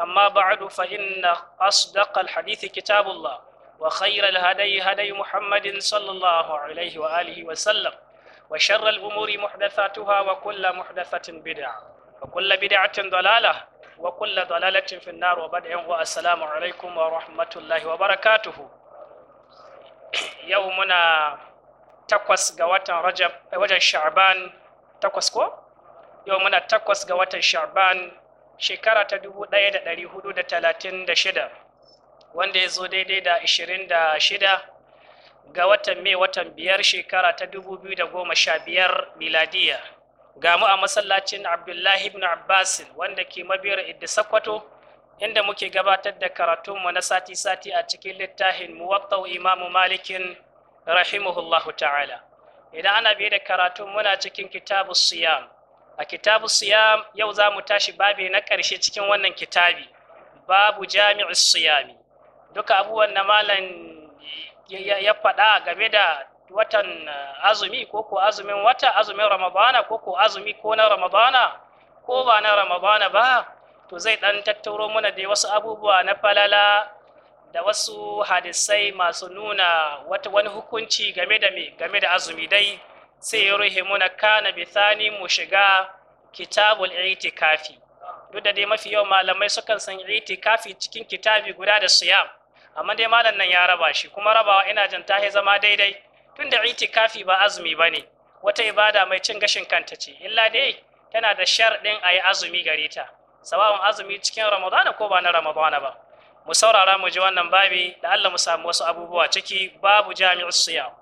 أما بعد فإن أصدق الحديث كتاب الله وخير الهدي هدي محمد صلى الله عليه وآله وسلم وشر الأمور محدثاتها وكل محدثة بدعة وكل بدعة ضلالة وكل ضلالة في النار وبدع والسلام عليكم ورحمة الله وبركاته يومنا takwas ga watan Rajab wajen Sha'ban takwas ko yau muna takwas ga watan Sha'ban shekara ta 1436 wanda ya zo daidai da 26 ga watan mai watan biyar shekara ta 2015 miladiya ga mu a masallacin abdullahi ibn abbas wanda ke mabiyar idda sakwato inda muke gabatar da karatunmu na sati-sati a cikin littafin muwattau imamu malikin rahimahullahu ta'ala idan ana biye da karatun muna cikin kitabu siyam a kitabu siyam yau za mu tashi babi na ƙarshe cikin wannan kitabi babu jami'u siyami duka abubuwan da malam ya faɗa game da watan eh, azumi ko ko azumin wata azumin ramadana ko ko azumi ko na ramadana ko ba na ramadana ba to zai ɗan tattauro mana da wasu abubuwa na falala da wasu hadisai masu nuna wani hukunci game game da azumi dai sai ya ruhe muna kana bithani mu shiga kitabul itikafi duk da dai mafi yawan malamai sukan san itikafi cikin kitabi guda da siyam amma dai malam nan ya raba shi kuma rabawa ina jin tahi zama daidai tunda itikafi ba azumi bane wata ibada mai cin gashin kanta ce illa dai tana da sharɗin yi azumi gare ta Sababin azumi cikin ramadana ko ba na ramadana ba mu saurara mu ji wannan babi da Allah mu samu wasu abubuwa ciki babu jami'u siyam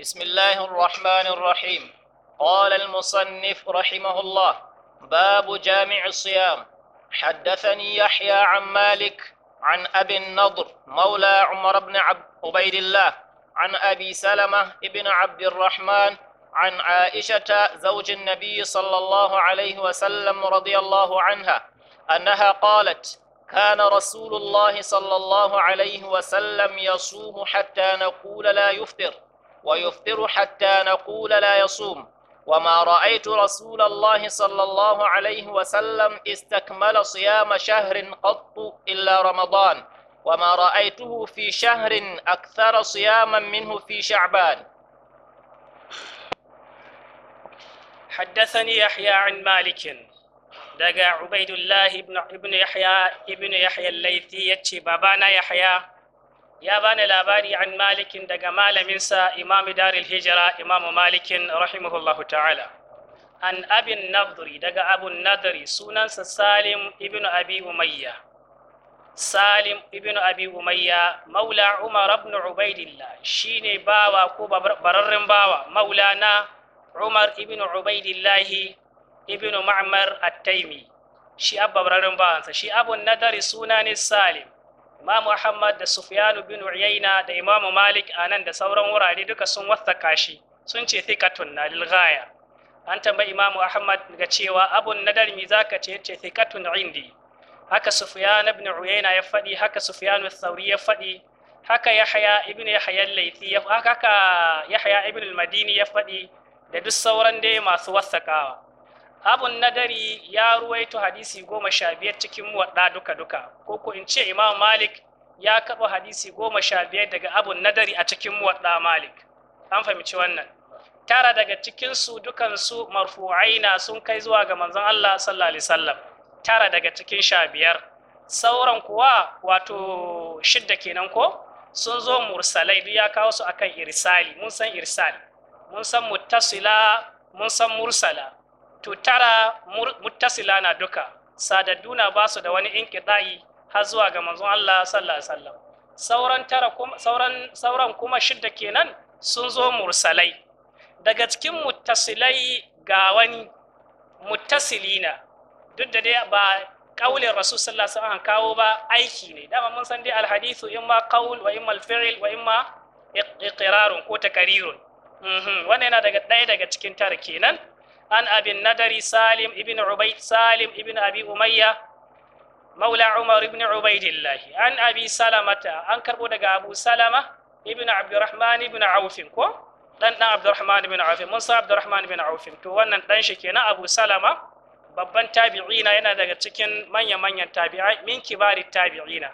بسم الله الرحمن الرحيم قال المصنف رحمه الله باب جامع الصيام حدثني يحيى عن مالك عن أبي النضر مولى عمر بن عبيد الله عن أبي سلمة ابن عبد الرحمن عن عائشة زوج النبي صلى الله عليه وسلم رضي الله عنها أنها قالت كان رسول الله صلى الله عليه وسلم يصوم حتى نقول لا يفطر ويفطر حتى نقول لا يصوم وما رأيت رسول الله صلى الله عليه وسلم استكمل صيام شهر قط إلا رمضان وما رأيته في شهر أكثر صياما منه في شعبان حدثني يحيى عن مالك دقى عبيد الله بن يحيى ابن يحيى الليثي يتشي بابانا يحيى ya bani labari an malikin daga malaminsa imam daril hijira imam malikin rahimahullahu ta'ala an abin nadri daga abun nadri sunansa salim ibn abi umayya salim ibn abi umayya maula umar ibn ubaidillah shine bawa ko bararren bawa maulana umar ibn ubaidillahi ibn ma'mar at-taimi shi abba bararren bawansa shi abun nadari suna ne salim Imam Ahmad da Sufyan bin Uyayna da Imam Malik anan da sauran wurare duka sun wasaka shi sun ce thiqatun na lil ghaya an tambayi Imam Ahmad ga cewa abun nadar mi zaka ce yace thiqatun indi haka Sufyan bin Uyayna ya fadi haka Sufyan al-Thawri ya fadi haka Yahya ibn Yahya al-Laythi haka Yahya ibn al-Madini ya fadi da duk sauran dai masu wasakawa abun nadari ya ruwaito hadisi goma sha biyar cikin waɗa duka duka ko ko in ce imam malik ya kaɓa hadisi goma sha biyar daga abun nadari a cikin waɗa malik an fahimci wannan tara daga cikinsu dukansu marfu'aina sun kai zuwa ga manzon allah sallallahu alaihi tara daga cikin sha biyar sauran kuwa wato shidda kenan ko sun zo mursalai duk ya kawo su akan irsali mun san irsali mun san muttasila mun san mursala to tara muttasila na duka sadaddu na ba su da wani inqita'i har zuwa ga manzon Allah sallallahu alaihi sauran tara kuma sauran sauran kuma shidda kenan sun zo mursalai daga cikin muttasilai ga wani muttasilina duk da dai ba kaulin rasul sallallahu alaihi wasallam kawo ba aiki ne dama mun san dai alhadithu imma qaul wa imma alfi'l wa imma iqrarun ko takarirun mhm wannan yana daga ɗaya daga cikin tara kenan عن أبي النذر سالم ابن عبيد سالم ابن أبي أمية مولى عمر بن عبيد الله عن أبي سلمة عن كربو أبو سلمة ابن عبد الرحمن بن عوف كو dan dan Abdurrahman bin Auf mun sa Abdurrahman bin Auf to wannan dan shi kenan Abu babban tabi'ina yana daga cikin manya manyan tabi'ai min kibari tabi'ina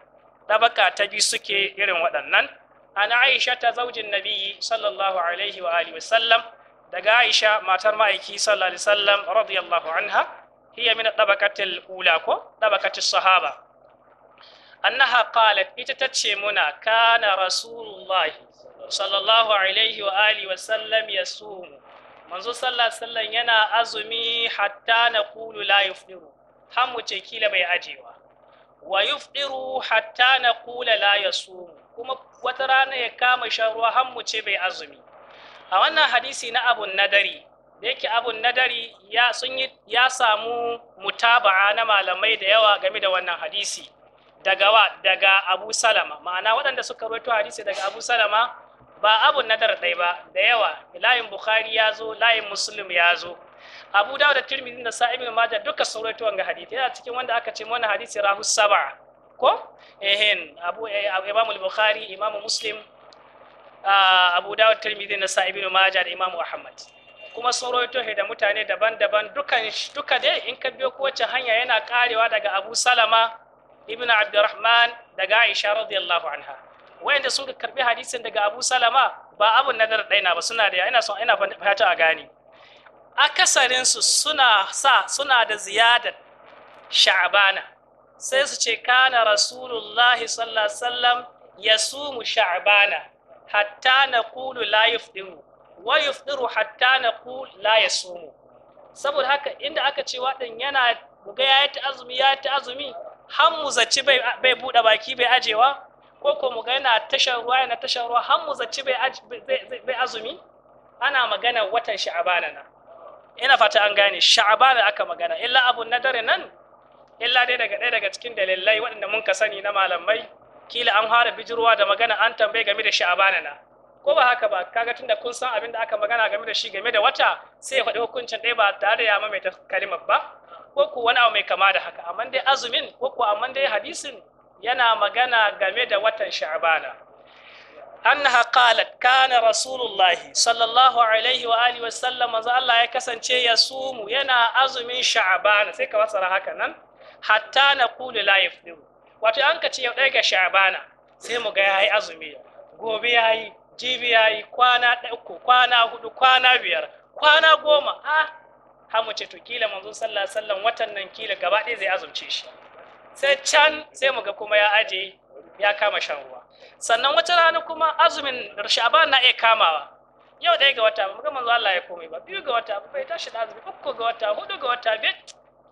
tabaka ta bi suke irin waɗannan ana Aisha ta zaujin Nabiyyi sallallahu alaihi wa alihi wa sallam daga Aisha matar ma'aiki sallallahu alaihi wasallam radiyallahu anha hiya min dabaqatil ula ko dabaqatis sahaba annaha qalat ita tace muna kana rasulullah sallallahu alaihi wa alihi wasallam yasum manzo sallallahu alaihi wasallam yana azumi hatta naqulu la yufdiru har ce kila bai ajewa wa yufdiru hatta naqula la yasum kuma wata rana ya kama shan ruwa har ce bai azumi a wannan hadisi na abun nadari da yake abun nadari ya sun yi ya samu mutaba'a na malamai da yawa game da wannan hadisi daga wa daga Abu Salama ma'ana waɗanda suka rawaito hadisi daga Abu Salama ba abun nadar ɗai ba da yawa layin Bukhari ya zo layin Muslim ya zo Abu Dawud da Tirmidhi da Sa'ib ibn Majah duka sun rawaito wannan hadisi yana cikin wanda aka ce wannan hadisi rahu sab'a ko ehin Abu eh, bukhari Imam Muslim abu dawud tirmidhi na sa'ibi ibn majah da imamu ahmad kuma sun rawaito da mutane daban-daban dukan duka dai in ka biyo kowace hanya yana karewa daga abu salama ibn abdurrahman daga aisha radiyallahu anha wayanda sun karbi hadisin daga abu salama ba abu nadar daina ba suna da ina son ina fata a gani. akasarin su suna sa suna da ziyadar sha'bana sai su ce kana rasulullahi sallallahu alaihi wasallam yasumu sha'bana hatta na kulu la yufdiru wa yufdiru hatta na kulu la yasumu saboda haka inda aka ce waɗin yana buga ya yi ta'azumi ya yi azumi har mu zaci bai buɗe baki bai ajewa ko ko muga yana tashar ruwa yana tashar ruwa har mu zaci bai azumi ana magana watan sha'abana na ina fata an gane sha'abana aka magana illa abun dare nan illa dai daga ɗaya daga cikin dalilai waɗanda mun ka sani na malamai kila an fara bijirwa da magana an tambaye game da sha'abana na ko ba haka ba kaga tunda kun san abin da aka magana game da shi game da wata sai ya faɗi hukuncin ɗaya ba tare da ya ta kalimar ba ko ku wani abu mai kama da haka amma dai azumin ko ku amma dai hadisin yana magana game da watan sha'abana annaha qalat kana rasulullah sallallahu alaihi wa alihi wa sallam manzo Allah ya kasance ya sumu yana azumin sha'abana sai ka wasara haka nan hatta naqulu la yafdiru wato an ka ce yau ɗaya ga shabana sai mu ga ya yi azumi gobe ya yi jibi ya yi kwana ɗauko kwana hudu kwana biyar kwana goma a hamu mu ce to kila manzon sallah sallan watan nan kila gaba ɗaya zai azumce shi sai can sai mu ga kuma ya aje ya kama shan ruwa sannan wata rana kuma azumin shaban na iya kamawa yau ɗaya ga wata ba ga manzo Allah ya komai ba biyu ga wata ba bai tashi da azumi uku ga wata hudu ga wata biyar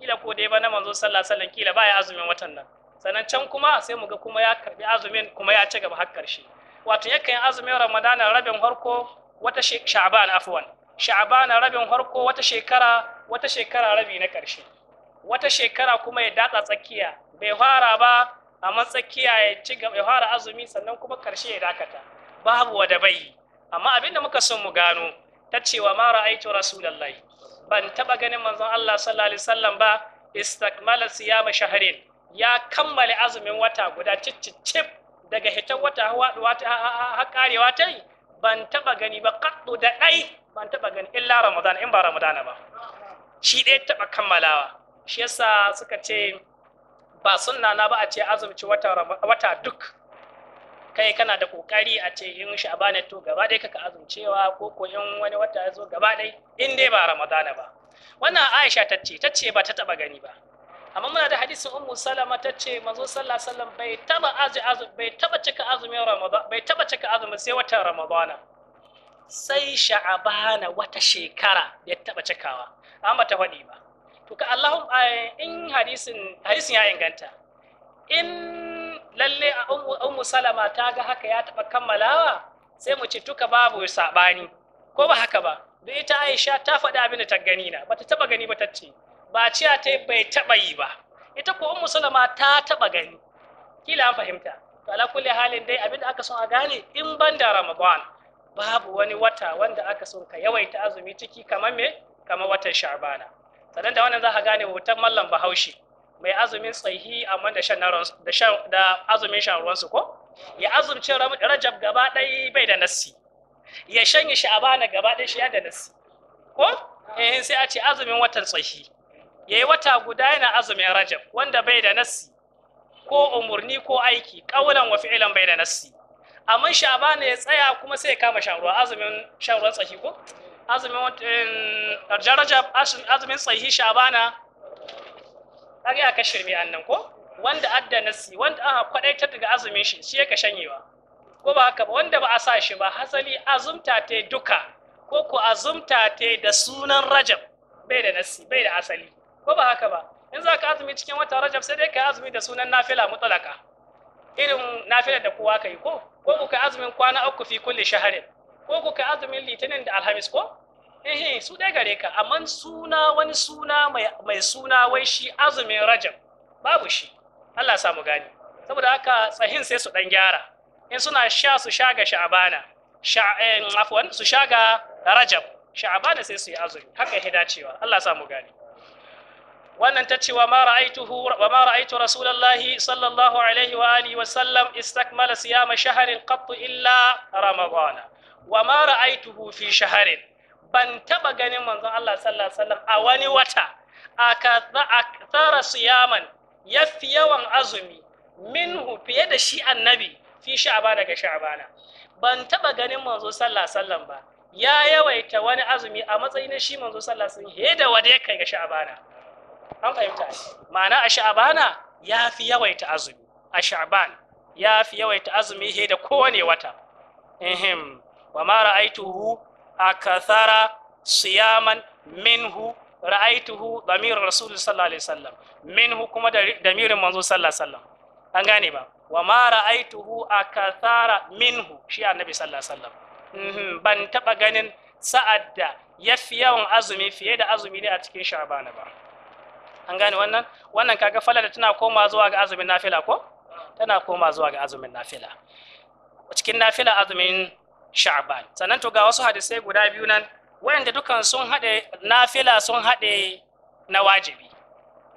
kila ko dai ba na manzo sallah sallan kila ba ya azumin watan nan sannan can kuma sai mu ga kuma ya karbi azumin kuma ya ci gaba har karshe wato yakan yi azumin ramadana rabin harko wata sha'ban afwan sha'ban rabin harko wata shekara wata shekara rabi na karshe wata shekara kuma ya datsa tsakiya bai fara ba amma tsakiya ya ci gaba ya fara azumi sannan kuma karshe ya dakata babu wada bai amma abinda muka son mu gano ta cewa ma ra'aitu rasulullahi ban taba ganin manzon Allah sallallahu alaihi wasallam ba istakmala siyama shahrin ya kammala azumin wata guda cicicip daga hitar wata karewa ta yi ban taba gani ba kaɗo da ɗai ban taba gani illa ramadana in ba ramadana ba shi ɗaya taba kammalawa shi yasa suka ce ba sunna na ba a ce azumci wata duk kai kana da kokari a ce in sha'bana to gaba dai kaka azumcewa ko ko in wani wata ya zo gaba dai in dai ba ramadana ba wannan aisha ta ce ta ce ba ta taba gani ba amma muna da hadisin ummu salama ta ce manzo sallallahu alaihi wasallam bai taba bai taba cika azumin ramadan bai taba cika azumin sai watan ramadana sai sha'abana wata shekara ya taba cikawa amma ta faɗi ba to ka in hadisin hadisin ya inganta in lalle ummu salama ta ga haka ya taba kammalawa sai mu ce tuka babu sabani ko ba haka ba duk ita Aisha ta faɗi abin da ta gani na bata taba gani ba ta ce ba ciya ta bai taɓa yi ba ita ko ummu salama ta taɓa gani kila an fahimta to ala kulli halin dai abin da aka son a gane in ban da ramadan babu wani wata wanda aka son ka yawaita azumi ciki kamar me kamar watan sha'bana sannan da wannan za ka gane hoton mallam bahaushe mai azumin tsayi amma da shan da shan da azumin shan ko ya azumce rajab gaba ɗaya bai da nassi ya shanye sha'bana gaba ɗaya shi ya da nassi ko eh sai a ce azumin watan tsayi ya yi wata guda yana azumin rajab wanda bai da nassi ko umarni ko aiki ƙaunan wa fi'ilan bai da nassi amma sha'ban ya tsaya kuma sai ya kama sharuwa azumin shan tsaki ko azumin rajab azumin tsaki sha'bana kage aka shirme annan ko wanda adda nassi wanda aka kwadaitar daga azumin shi shi yake shanyewa ko ba haka ba wanda ba a sa shi ba hasali azumta ta duka ko ku azumta ta da sunan rajab bai da nassi bai da asali ko ba haka ba in za ka azumi cikin wata rajab sai dai ka azumi da sunan nafila mutalaka irin nafila da kowa ka yi ko ko kuka azumin kwana uku fi kulli shaharin ko kuka azumin litinin da alhamis ko eh su dai gare ka amma suna wani suna mai suna wai shi azumin rajab babu shi Allah samu gani saboda haka tsahin sai su dan gyara in suna sha su sha ga sha'abana sha'en eh, afwan su sha ga rajab sha'abana sai su yi azumi haka ya dacewa Allah samu gani wannan ta ce wa ma ra'aitu rasulullahi sallallahu alaihi wa alihi wa sallam istakmala siyama shaharin qat illa ramadana wa ma ra'aituhu fi shaharin ban taba ganin manzon Allah sallallahu alaihi wasallam a wani wata akthara siyaman yafi yawan azumi minhu fiye da shi annabi fi sha'bana ga sha'bana ban taba ganin manzo sallallahu alaihi wasallam ba ya yawaita wani azumi a matsayin shi manzo sallallahu alaihi wasallam he da wade kai ga sha'bana an fahimta ma'ana a sha'abana ya fi yawaita azumi a sha'aban ya fi yawaita azumi he da kowane wata ehem wa ma ra'aituhu kathara siyaman minhu ra'aituhu damir rasulun sallallahu alaihi sallam minhu kuma da damirin manzo sallallahu alaihi an gane ba wa ma ra'aituhu kathara minhu shi annabi sallallahu alaihi ban taba ganin sa'ad da fi yawan azumi fiye da azumi ne a cikin sha'abana ba an gane wannan wannan kaga falala tana koma zuwa ga azumin nafila ko tana koma zuwa ga azumin nafila cikin nafila azumin sha'ban sannan to ga wasu hadisai guda biyu nan wayanda dukan sun hade nafila sun hade na wajibi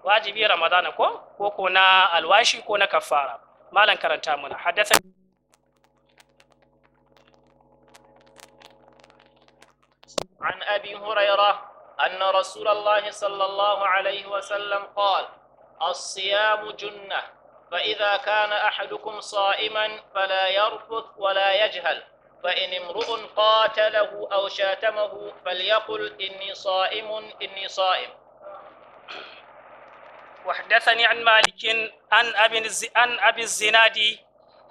wajibi ramadana ko ko ko na alwashi ko na kafara malam karanta muna haddasa عن أبي هريرة أن رسول الله صلى الله عليه وسلم قال الصيام جنة فإذا كان أحدكم صائما فلا يرفث ولا يجهل فإن امرؤ قاتله أو شاتمه فليقل إني صائم إني صائم وحدثني عن مالك عن أبي عن أبي الزنادي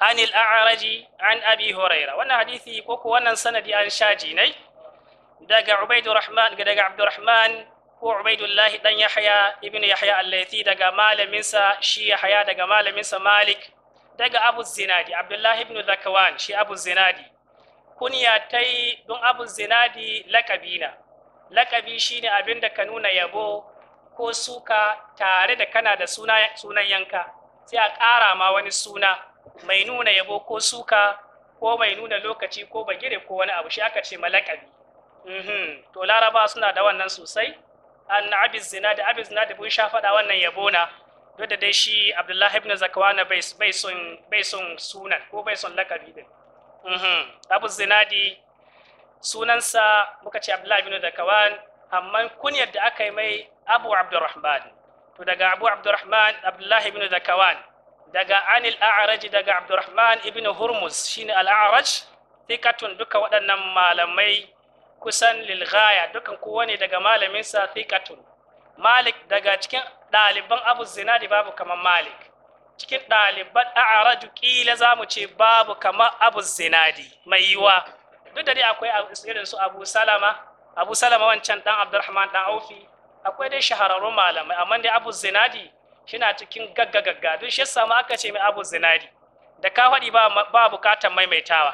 عن الأعرج عن أبي هريرة وأنا حديثي كوكو وأنا سندي عن شاجيني daga Ubaidu Rahman daga Abdurrahman ko ubaidullahi dan Yahya ibn Yahya allati laythi daga malaminsa shi Yahya daga malaminsa Malik daga Abu Zinadi Abdullahi ibn Zakawan shi Abu Zinadi kunya tai don Abu Zinadi lakabina lakabi shine abin da ka nuna yabo ko suka tare da kana da sunan yanka sai a ƙara ma wani suna mai nuna yabo ko suka ko mai nuna lokaci ko bagire ko wani abu shi aka ce malakabi Mhm. to laraba suna da wannan sosai an abiz zina da abiz zina da bun sha faɗa wannan yabona duk da dai shi abdullahi ibn zakwana bai son bai son sunan ko bai son lakabi din mhm. abu zinadi sunansa muka ce abdullahi ibn zakawan amma kunyar da aka yi mai abu abdurrahman to daga abu abdurrahman abdullahi ibn zakawan daga anil a'raj daga abdurrahman ibn hurmuz shine al-a'raj thikatun duka waɗannan malamai kusan lilghaya dukan kowane daga malamin sa thiqatun malik daga cikin daliban abu zinadi babu kamar malik cikin daliban a'raju kila zamu ce babu kamar abu zinadi mai yiwa duk da dai akwai irin su abu salama abu salama wancan dan abdurrahman dan aufi akwai dai shahararrun malamai amma dai abu zinadi shina cikin gagga gagga duk shi yasa ma aka ce mai abu zinadi da ka faɗi ba bukatan bukatar maimaitawa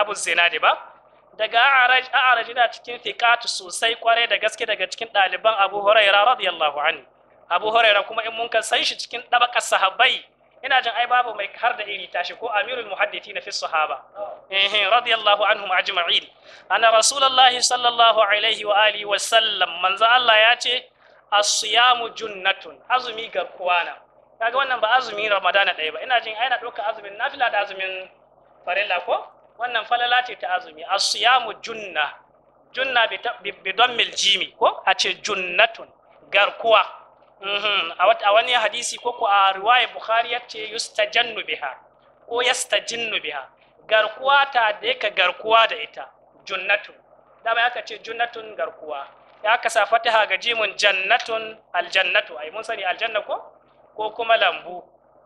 abu zinadi ba daga a'raj a'raj cikin thiqatu sosai kware da gaske daga cikin ɗaliban Abu Huraira radiyallahu anhu Abu Huraira kuma in mun kan san shi cikin dabakar sahabbai ina jin ai babu mai har da iri tashi ko amirul muhaddithina fi sahaba eh radiyallahu anhum ajma'in ana rasulullahi sallallahu alaihi wa alihi wa sallam manzo Allah ya ce as-siyamu junnatun azumi garkuwana kaga wannan ba azumin ramadana ɗaya ba ina jin ai na ɗauka azumin nafila da azumin farilla ko wannan falala ce ta azumi asiyamu junna junna bi dammil jimi ko a ce junnatun garkuwa mhm. a wani hadisi ko ku a riwaya bukhari yace yustajannu biha ko yastajinnu biha garkuwa ta da yake garkuwa da ita junnatun dama yaka ce junnatun garkuwa ya kasa fataha ga jimun jannatun aljannatu ai mun sani aljanna ko ko kuma lambu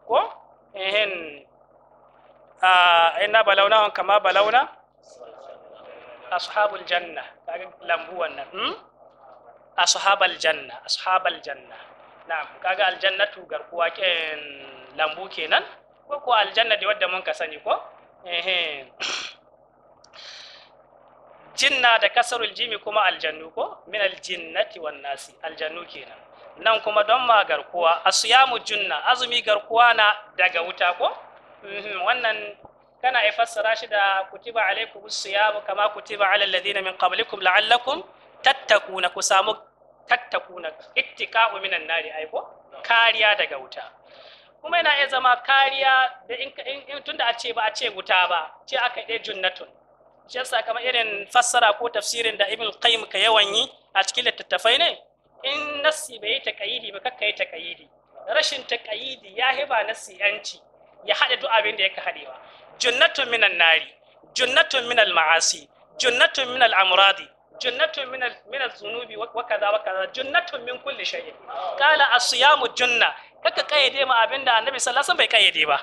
ko ehin Ah, inna balaunahum kama balauna ashabul janna kaga lambu wannan hmm? ashabal janna ashabal janna na'am kaga aljannatu garkuwa ken lambu kenan ko ko aljanna da wadda mun ka sani ko eh jinna da kasarul jimi kuma aljannu ko min aljinnati wan nasi aljannu kenan nan kuma don ma garkuwa asyamu junna azumi garkuwa na daga wuta ko wannan kana ya fassara shi da kutiba alaikum siyamu kama kutiba ala alladhina min qablikum la'allakum tattakuna ku samu tattakuna ittiqa'u minan nari aiko kariya daga wuta kuma yana iya zama kariya da in tunda a ce ba a ce wuta ba ce aka ɗaya junnatun shi yasa kamar irin fassara ko tafsirin da ibn qayyim ka yawan yi a cikin littattafai ne in nassi bai yi taqayidi ba kakka yi rashin taqayidi ya hiba nassi yanci ya haɗe duk abin da yake haɗewa junnatun minan nari junnatun minal ma'asi junnatun minal amradi junnatun minal minal zunubi wa kaza wa kaza junnatun min kulli shay'in qala as-siyamu junna kaka kayyade ma abinda annabi sallallahu alaihi wasallam bai kayyade ba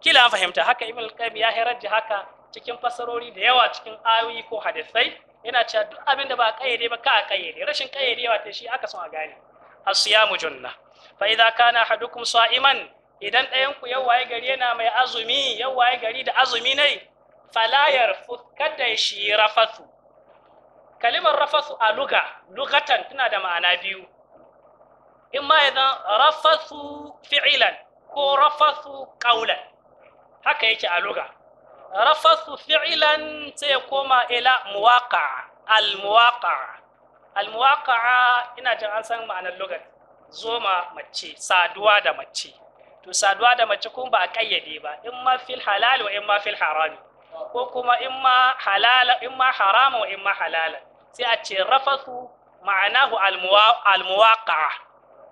kila an fahimta haka ibn al-qayyim ya haraji haka cikin fasarori da yawa cikin ayoyi ko hadisai yana cewa duk abinda ba kayyade ba ka kayyade rashin kayyadewa ta shi aka son a gane as-siyamu junna fa idza kana ahadukum sa'iman idan ɗayanku ku yau waye gari yana mai azumi yau waye gari da azumi nai falayar kada shi rafasu kalimar rafasu a luga lugatan tana da ma'ana biyu in ma ya zan rafasu fi'ilan ko rafasu ƙaulan haka yake a luga rafasu fi'ilan sai koma ila muwaƙa al-muwaƙa ina jin an san ma'anar lugar zoma mace saduwa da mace to saduwa da mace kun ba a kayyade ba in ma fil halal wa in ma fil harami ko kuma in ma in ma harama wa in ma halala sai a ce rafathu ma'anahu almuwaqa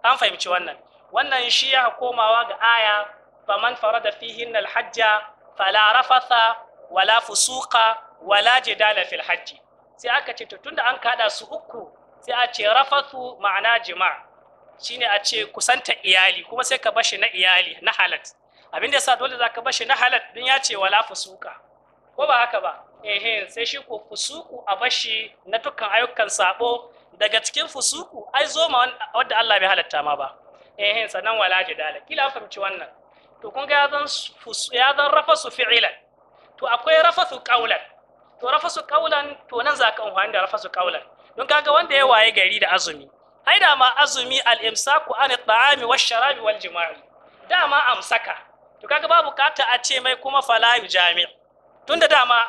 an fahimci wannan wannan shi ya komawa ga aya faman farada fihin hajja fala rafatha wala fusuqa wala jidala fil hajji sai aka ce to tunda an kada su uku sai a ce rafathu ma'ana jima'a. shine a ce kusanta iyali kuma sai ka bashi na iyali na halat abin da yasa dole zaka bashi na halat din ya ce wala fusuka ko ba haka ba eh sai shi ko fusuku a bashi na dukkan ayyukan sabo daga cikin fusuku ai zo ma wanda Allah bai halatta ma ba eh sanan wala jidala kila fahimci wannan to kun ga zan ya zan rafasu fi'ilan to akwai rafasu qaulan to rafasu qaulan to nan zaka amfani da rafasu qaulan don kaga wanda ya waye gari da azumi ai da ma azumi al-imsaku an at-ta'ami wash-sharabi wal-jima'i dama amsaka to kaga babu kata a ce mai kuma fala jami' tunda dama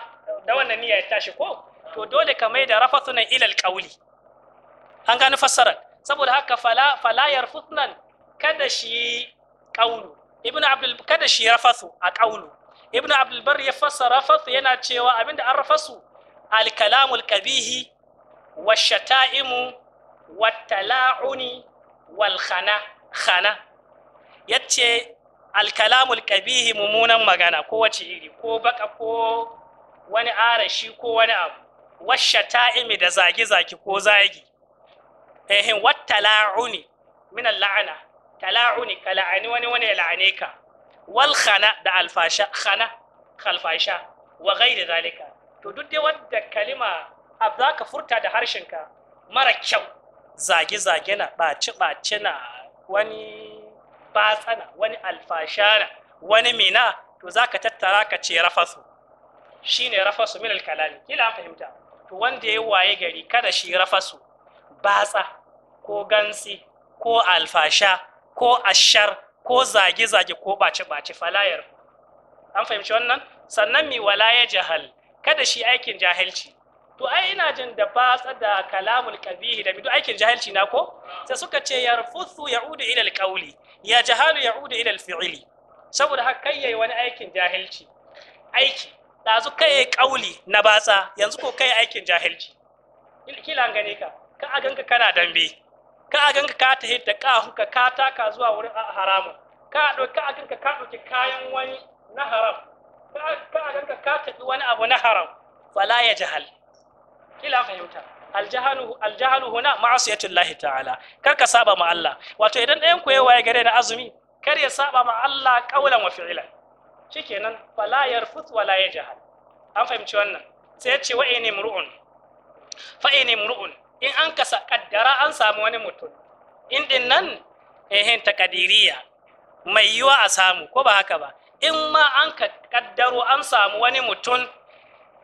da wannan niyya ya tashi ko to dole ka mai da rafathuna ila al-qawli an gani fassarar saboda haka fala fala yarfutnan kada shi qawlu ibn abdul kada shi rafathu a qawlu ibn abdul bar ya fassara rafathu yana cewa abinda an rafasu al-kalamul kabihi wash-shata'imu wattala'uni wal yace alkalamul kalamul kabihi mummunan magana ko wace iri ko baka ko wani arashi ko wani abu washa ta'imi da zage-zage ko zagi ehin wattala'uni min la'ana tala'uni ka la'ani wani wani la'ane ka wal da alfasha khana khalfasha wa ghairi zalika to duk dai wadda kalima abza ka furta da harshenka mara kyau zage-zage na ɓace-ɓace na wani batsana wani alfashana wani mina to za ka tattara ka ce rafasu shi ne rafasu min alkalami kila an fahimta to wanda ya waye gari kada shi rafasu batsa ko gansi ko alfasha ko ashar ko zage-zage ko ɓace-ɓace falayar an fahimci wannan sannan mi wala ya jahal kada shi aikin jahilci to ai ina jin da batsa da kalamul kabihi da midu aikin jahilci na ko sai suka ce ya ya udu ila alqawli ya jahalu udu ila alfi'li saboda haka kai yayi wani aikin jahilci aiki dazu kai yayi kauli na batsa yanzu ko kai aikin jahilci kila gane ka ka a ganka kana dambe ka a ganka ka tahi da kahunka ka taka zuwa wurin haramun ka a ka a ganka ka ɗauki kayan wani na haram ka a ganka ka tafi wani abu na haram fala ya jahal kila fahimta aljahalu aljahalu huna ma'asiyatullahi ta'ala kar ka saba ma Allah wato idan ɗayan ku yayi gare da azumi kar ya saba ma Allah qaulan wa fi'lan shikenan fala yarfut wala yajhal an fahimci wannan sai ya ce wa ini mur'un fa ini mur'un in an kasa kaddara an samu wani mutum in din nan ehin takadiriya mai yiwa a samu ko ba haka ba in ma an kaddaro an samu wani mutum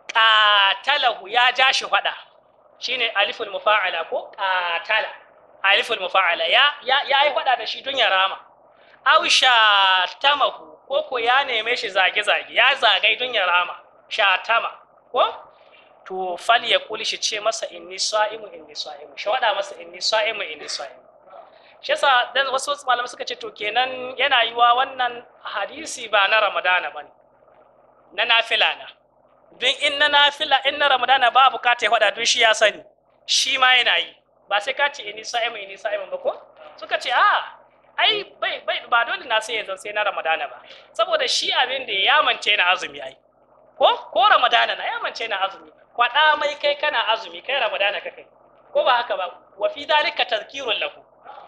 Ƙatalahu ya ja shi faɗa, shi ne aliful mufa'ala ko qatala aliful mufa'ala ya yi faɗa da shi tun ya rama aw shatamahu ko ko ya neme shi zage zage ya zagai tun ya rama shatama ko to fal ya kuli shi ce masa inni sa'imu inni sa'imu shi wada masa inni sa'imu inni sa'imu shi yasa dan wasu malamai suka ce to kenan yana yiwa wannan hadisi ba na ramadana bane na nafila na don in na nafila in na ramadana ba bukata ya faɗa don shi ya sani shi ma yana yi ba sai ka ce ini sa'imu ini sa'imu ba ko suka ce a ai bai bai ba dole na sai yanzu sai na ramadana ba saboda shi abin da ya mance na azumi ai ko ko ramadana na ya mance na azumi kwaɗa mai kai kana azumi kai ramadana ka kai ko ba haka ba wa fi dalika tazkirun lahu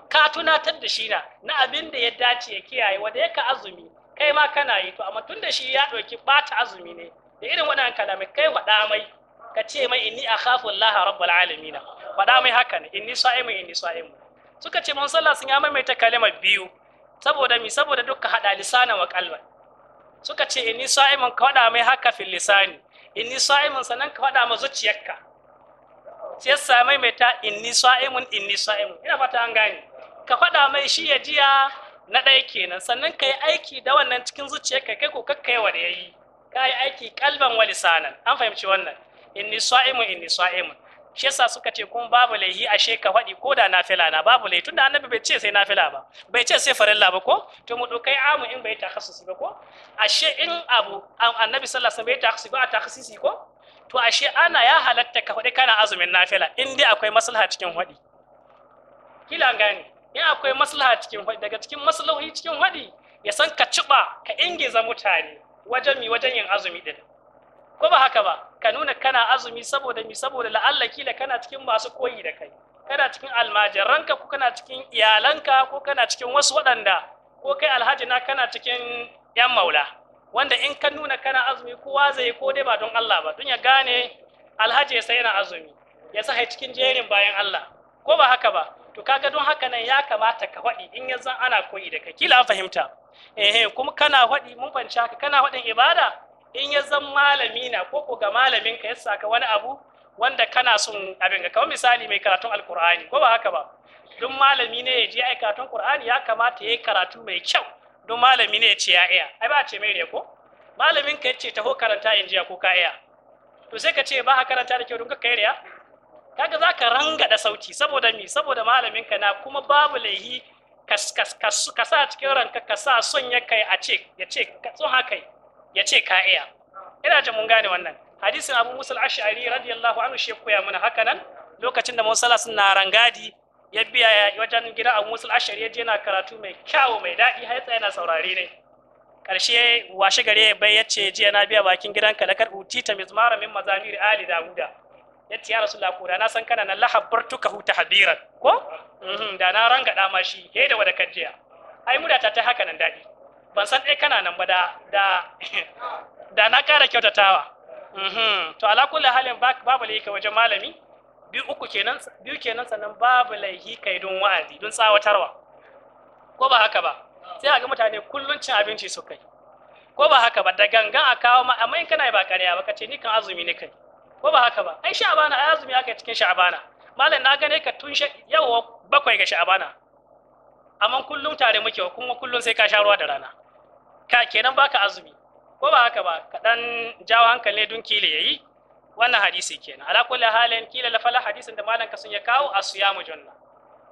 ka tunatar da shi na na abin da ya dace ya kiyaye wanda ka azumi kai ma kana yi to amma tun da shi ya ɗauki ɓata azumi ne da irin waɗannan kalamai kai faɗa mai ka ce mai inni akhafu Allah rabbul alamin faɗa mai haka ne inni sa'imu inni sa'imu suka ce mun sallah sun ya maimaita kalimar biyu saboda mi saboda dukkan hada lisana wa kalban suka ce inni sa'imun ka faɗa mai haka fil lisani inni sa'imun sanan ka faɗa ma zuciyarka sai ya sa maimaita inni sa'imun inni sa'imun ina fata an gane ka faɗa mai shi ya jiya na ɗaya kenan sannan ka yi aiki da wannan cikin zuciyarka kai ko kakka wa da ya yi ka yi aiki kalban wa lisanan an fahimci wannan inni sa'imu inni sa'imu shi yasa suka ce kun babu laihi ashe ka faɗi ko da nafila na babu laihi tunda annabi bai ce sai nafila ba bai ce sai farilla ba ko to mu dokai amu in bai takhassusi ba ko ashe in abu annabi sallallahu alaihi wasallam bai takhassusi ba a takhassisi ko to ashe ana ya halatta ka faɗi kana azumin nafila in dai akwai maslaha cikin faɗi kila gani in akwai maslaha cikin faɗi daga cikin maslahohi cikin faɗi ya san ka ciba ka ingiza mutane wajen mi wajen yin azumi din ko ba haka ba ka nuna kana azumi saboda mi saboda la'alla kila kana cikin masu koyi da kai kana cikin almajiranka ko kana cikin iyalanka ko kana cikin wasu waɗanda ko kai alhaji na kana cikin yan maula wanda in ka nuna kana azumi kowa zai ko dai ba don Allah ba don ya gane alhaji ya sai yana azumi ya sa cikin jerin bayan Allah ko ba haka ba to kaga don haka nan ya kamata ka faɗi in yanzu ana koyi da kai kila fahimta Ehe kuma kana faɗi mun fanci haka kana faɗin ibada in ya zan malami na ko ko ga malamin ka ya saka wani abu wanda kana son abin ga kamar misali mai karatun alkur'ani ko ba haka ba duk malami ne ya je ai karatun qur'ani ya kamata ya karatu mai kyau duk malami ne ya ce ya iya ai ba ce mai ne ko malamin ka yace taho karanta in jiya ko ka iya to sai ka ce ba karanta da kyau don ka kai riya kaga zaka ranga da sauti saboda mi saboda malamin ka na kuma babu laihi Kasa a cikin ranka kasa sa son ya kai a ce ya ce ka haka ya ce ka iya ina jin mun gane wannan hadisin Abu musul ashari radiyallahu anhu shi koya mana haka nan lokacin da Musa na rangadi ya biya wajen gida Abu musul ashari ya je yana karatu mai kyawu mai daɗi har tsaya yana saurare ne karshe washe gare ya bai yace jiya na biya bakin gidan ka gidanka lakar utita mizmara min mazamir ali dawuda yace ya rasulullah lakuda na san kana na Tuka, hu Habiran, ko Mhm, da na da ma shi ke da wadakar jiya ai mudata ta haka nan daɗi ban san dai kana nan ba da da na ƙara kyautatawa mhm, to ala kulli halin babu laifi wajen malami biyu uku kenan uku kenan sannan babu laifi kai don wa'azi don tsawatarwa ko ba haka ba sai a ga mutane kullun cin abinci su kai ko ba haka ba da gangan a kawo ma amma in kana ba kariya ba ka ce ni kan azumi ne kai ko ba haka ba ai sha'bana ai azumi aka cikin sha'bana malam na gane ka tun yawa bakwai ga sha'abana amma kullum tare muke wa kuma kullum sai ka sha ruwa da rana ka kenan baka azumi ko ba haka ba ka dan jawo hankali dun kile yayi wannan hadisi kenan ala kulli halin kila la fala hadisin da malam ka sun ya kawo mu janna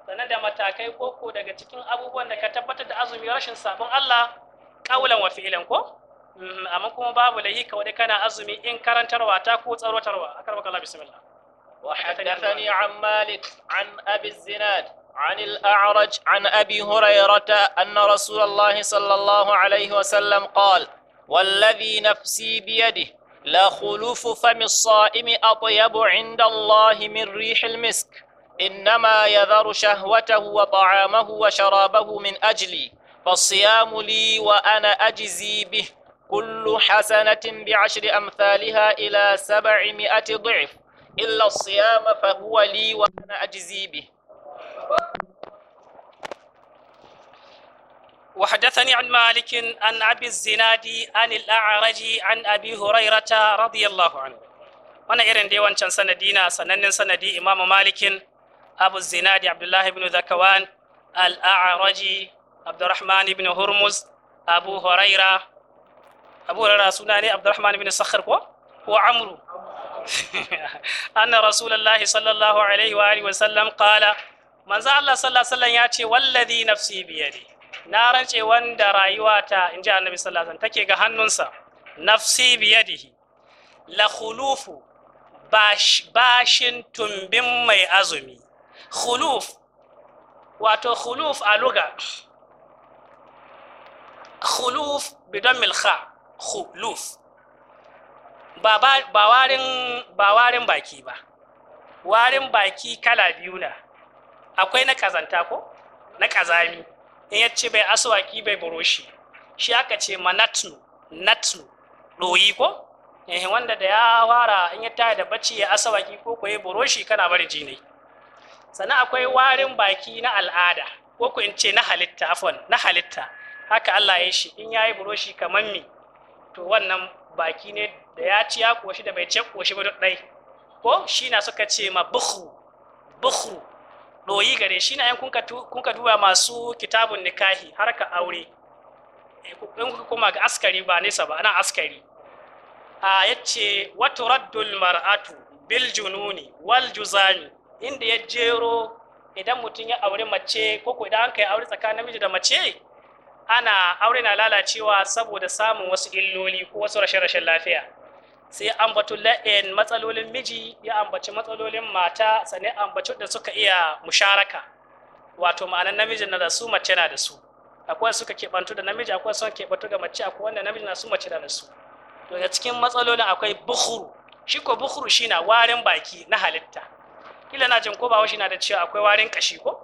sannan da matakai koko daga cikin abubuwan da ka tabbatar da azumi rashin sabon Allah kaulan wa fi'lan ko mm, amma kuma babu lahi wadai kana azumi in karantarwa ta ko tsarotarwa akarbaka Allah bismillah وحدثني عن مالك عن أبي الزناد عن الأعرج عن أبي هريرة أن رسول الله صلى الله عليه وسلم قال والذي نفسي بيده لخلوف فم الصائم أطيب عند الله من ريح المسك إنما يذر شهوته وطعامه وشرابه من أجلي فالصيام لي وأنا أجزي به كل حسنة بعشر أمثالها إلى سبعمائة ضعف إلا الصيام فهو لي وأنا أجزي به وحدثني عن مالك عن أبي الزنادي عن الأعرج عن أبي هريرة رضي الله عنه وانا إرن دي وانشان سندينا سننن سندي إمام مالك أبو الزنادي عبد الله بن ذكوان الأعرج عبد الرحمن بن هرمز أبو هريرة أبو هريرة سناني عبد الرحمن بن صخر هو عمرو أن رسول الله صلى الله عليه وآله وسلم قال من زال الله صلى الله عليه وسلم يأتي والذي نفسي بيدي نارا وان رايواتا إن جاء النبي صلى الله عليه وسلم تكي غهنونسا نفسي بيده لخلوف باش bashin تنبم mai azumi خلوف واتو خلوف a خلوف بدم bidon خلوف ba warin baki ba warin baki kala biyu na akwai na kazanta ko na kazami in ya ce bai aswaki bai buroshi shi aka ce manatnu natnu ɗoyi ko eh wanda da ya wara in ya taya da bacci ya asawaki ko ko ya buroshi kana bari jini sannan akwai warin baki na al'ada ko ko in ce na halitta afwan na halitta haka Allah ya shi in yayi buroshi kaman me to wannan baki ne da ya ci ya koshi da bai ce koshi ba duk ɗai ko shi na suka ce ma bukhru bukhru ɗoyi gare shi na yan kunka duba masu kitabun nikahi harka aure eh, in kuka koma ga askari ba nesa ba ana askari a yace wata raddul mar'atu bil jununi wal juzani inda ya jero idan mutum ya aure mace ko ko idan an kai aure tsakanin namiji da mace ana aure na lalacewa saboda samun wasu illoli ko wasu rashe-rashen lafiya sai ambatu la'in matsalolin miji ya ambaci matsalolin mata sannan ambacin da suka iya musharaka wato ma'anan namijin na da su mace na da su akwai suka keɓantu da namiji akwai suka keɓantu da mace akwai wanda namiji na su mace na da su to da cikin matsalolin akwai bukuru, shi ko bukuru shi na warin baki na halitta kila na jin ko ba shi na da cewa akwai warin kashi ko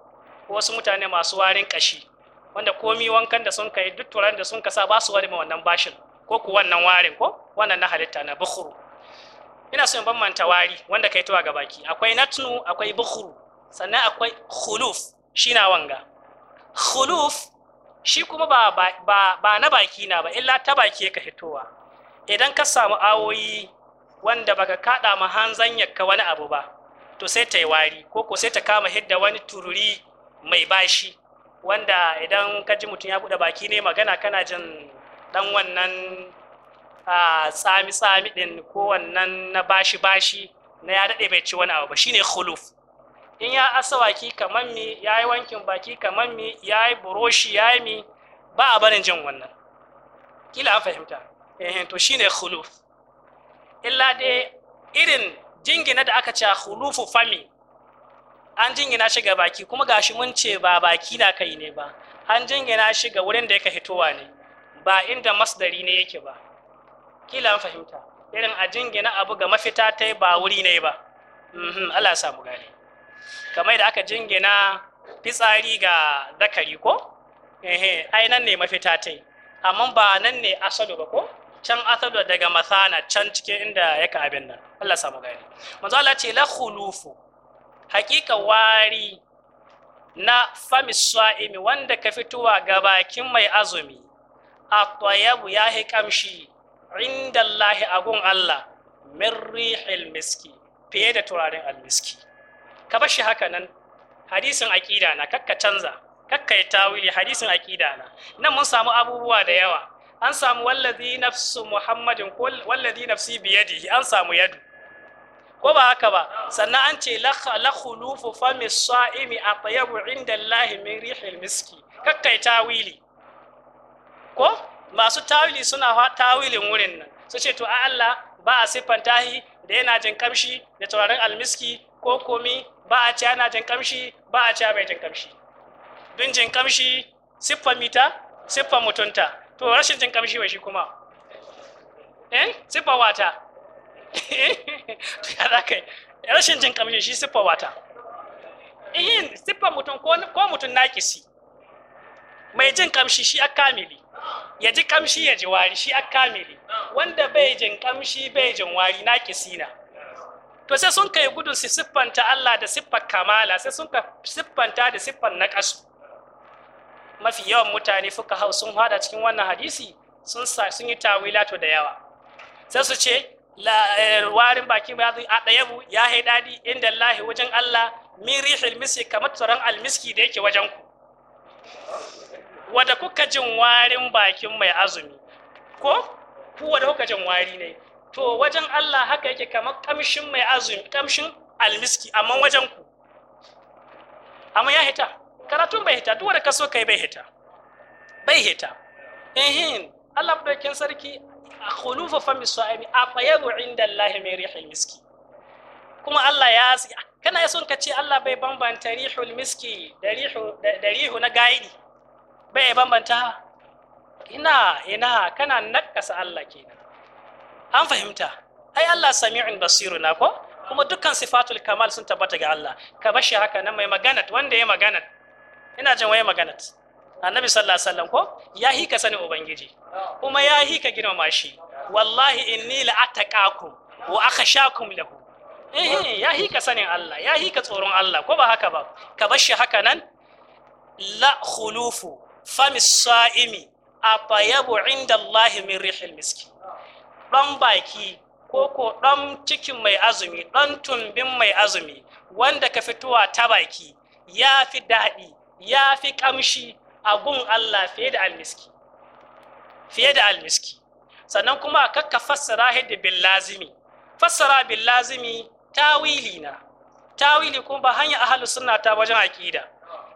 wasu mutane masu warin kashi wanda komi wankan da sun kai duk turan da sun kasa ba su wani ma wannan bashin ko ku wannan warin ko wannan na halitta na bukhuru ina so in bambanta wari wanda kai tuwa ga baki akwai natnu akwai bukhuru sannan akwai khuluf shi na wanga khuluf shi kuma ba, ba, ba, na baki na ba illa ta baki ka hitowa idan ka samu awoyi wanda baka kada ma hanzan yakka wani abu ba to sai ta yi wari ko ko sai ta kama hidda wani tururi mai bashi wanda idan ka ji mutum ya buɗe baki ne magana kana jin ɗan wannan tsami-tsami ɗin ko wannan na bashi-bashi na ya daɗe bai ci wani abu ba shine khuluf in ya asawaki kamar mi ya yi wankin baki kamar mi ya yi buroshi ya yi mi ba a barin jin wannan kila an fahimta eh to shine khuluf illa dai irin jingina da aka ce khulufu fami an jingina shiga baki kuma gashi mun ce ba baki na kai ne ba an jingina shiga wurin da yake hitowa ne ba inda masdari ne yake ba kila an fahimta irin a jingina abu ga mafita ta ba wuri ne ba mhm, Allah sa mu gane kamar da aka jingina fitsari ga zakari ko ai nan ne mafita ta amma ba nan ne asadu ba ko can asadu daga masana can cikin inda yake abin nan Allah sa mu gane manzo Allah ce la khulufu hakika wari na famis wanda ka fitowa ga bakin mai azumi atwayabu ya yi ƙamshi inda Allah agun Allah min rihil miski fiye da turaren almiski ka bar shi haka nan hadisin aqida na kakka canza kakka ya tawili hadisin aqida na nan mun samu abubuwa da yawa an samu wallazi nafsu muhammadin ko wallazi nafsi biyadihi an samu yadu ko ba haka ba sannan an ce la khulufu fami sa'imi a atyabu inda Allah min rihil miski kakkai tawili ko masu tawili suna tawilin wurin nan su ce to a Allah ba a siffan tahi da yana jin kamshi da tauraron almiski ko komi ba a ce yana jin kamshi ba a ce bai jin kamshi dun jin kamshi siffan mita siffan mutunta to rashin jin kamshi wai shi kuma eh siffan wata to ya yi rashin jin kamshin shi siffa wata ihin siffa mutum ko mutum nakisi mai jin kamshi shi akamili ya ji kamshi ya ji wari shi akamili wanda bai jin kamshi bai jin wari nakisi na to sai sun kai gudun su siffanta Allah da siffar kamala sai sun ka siffanta da siffar naqasu mafi yawan mutane fuka hau sun hada cikin wannan hadisi sun sa sun yi tawilato da yawa sai su ce Eh, warin baki ba zai a ɗaya bu ya hai daɗi inda lahi wajen Allah min rihil miski kamar tsoron almiski da yake wajen ku wada kuka jin warin bakin mai azumi ko ku wada kuka jin wari ne to wajen Allah haka yake kamar kamshin mai azumi kamshin almiski amma wajen ku amma ya hita karatun bai hita duk wanda kaso kai bai hita bai hita ehin Allah kin sarki khulufu fami sa'imi atayyibu inda Allah mai rihil miski kuma Allah ya kana son ka ce Allah bai bambanta rihul miski da rihu da rihu na gaidi bai bambanta ina ina kana nakasa Allah kenan an fahimta ai Allah sami'un basirun ko kuma dukkan sifatul kamal sun tabbata ga Allah ka bashi haka nan mai magana wanda ya magana ina jin waye magana annabi sallallahu alaihi wasallam ko ya hika sanin ubangiji kuma ya hika girmama shi wallahi inni la ataqakum wa akhshakum lahu eh, eh ya hika sanin Allah ya hika tsoron Allah ko ba haka ba ka bashi haka nan la khulufu famis sa'imi afayabu inda Allah min rihil miski dan baki ko ko dan cikin mai azumi dan tumbin mai azumi wanda ka fitowa ta baki ya fi daɗi ya fi ƙamshi a gun Allah fiye da almiski fiye da almiski sannan kuma kakka fassara hidda bil lazimi fassara bil lazimi tawili na tawili kuma ba hanya ahlu sunna ta wajen aqida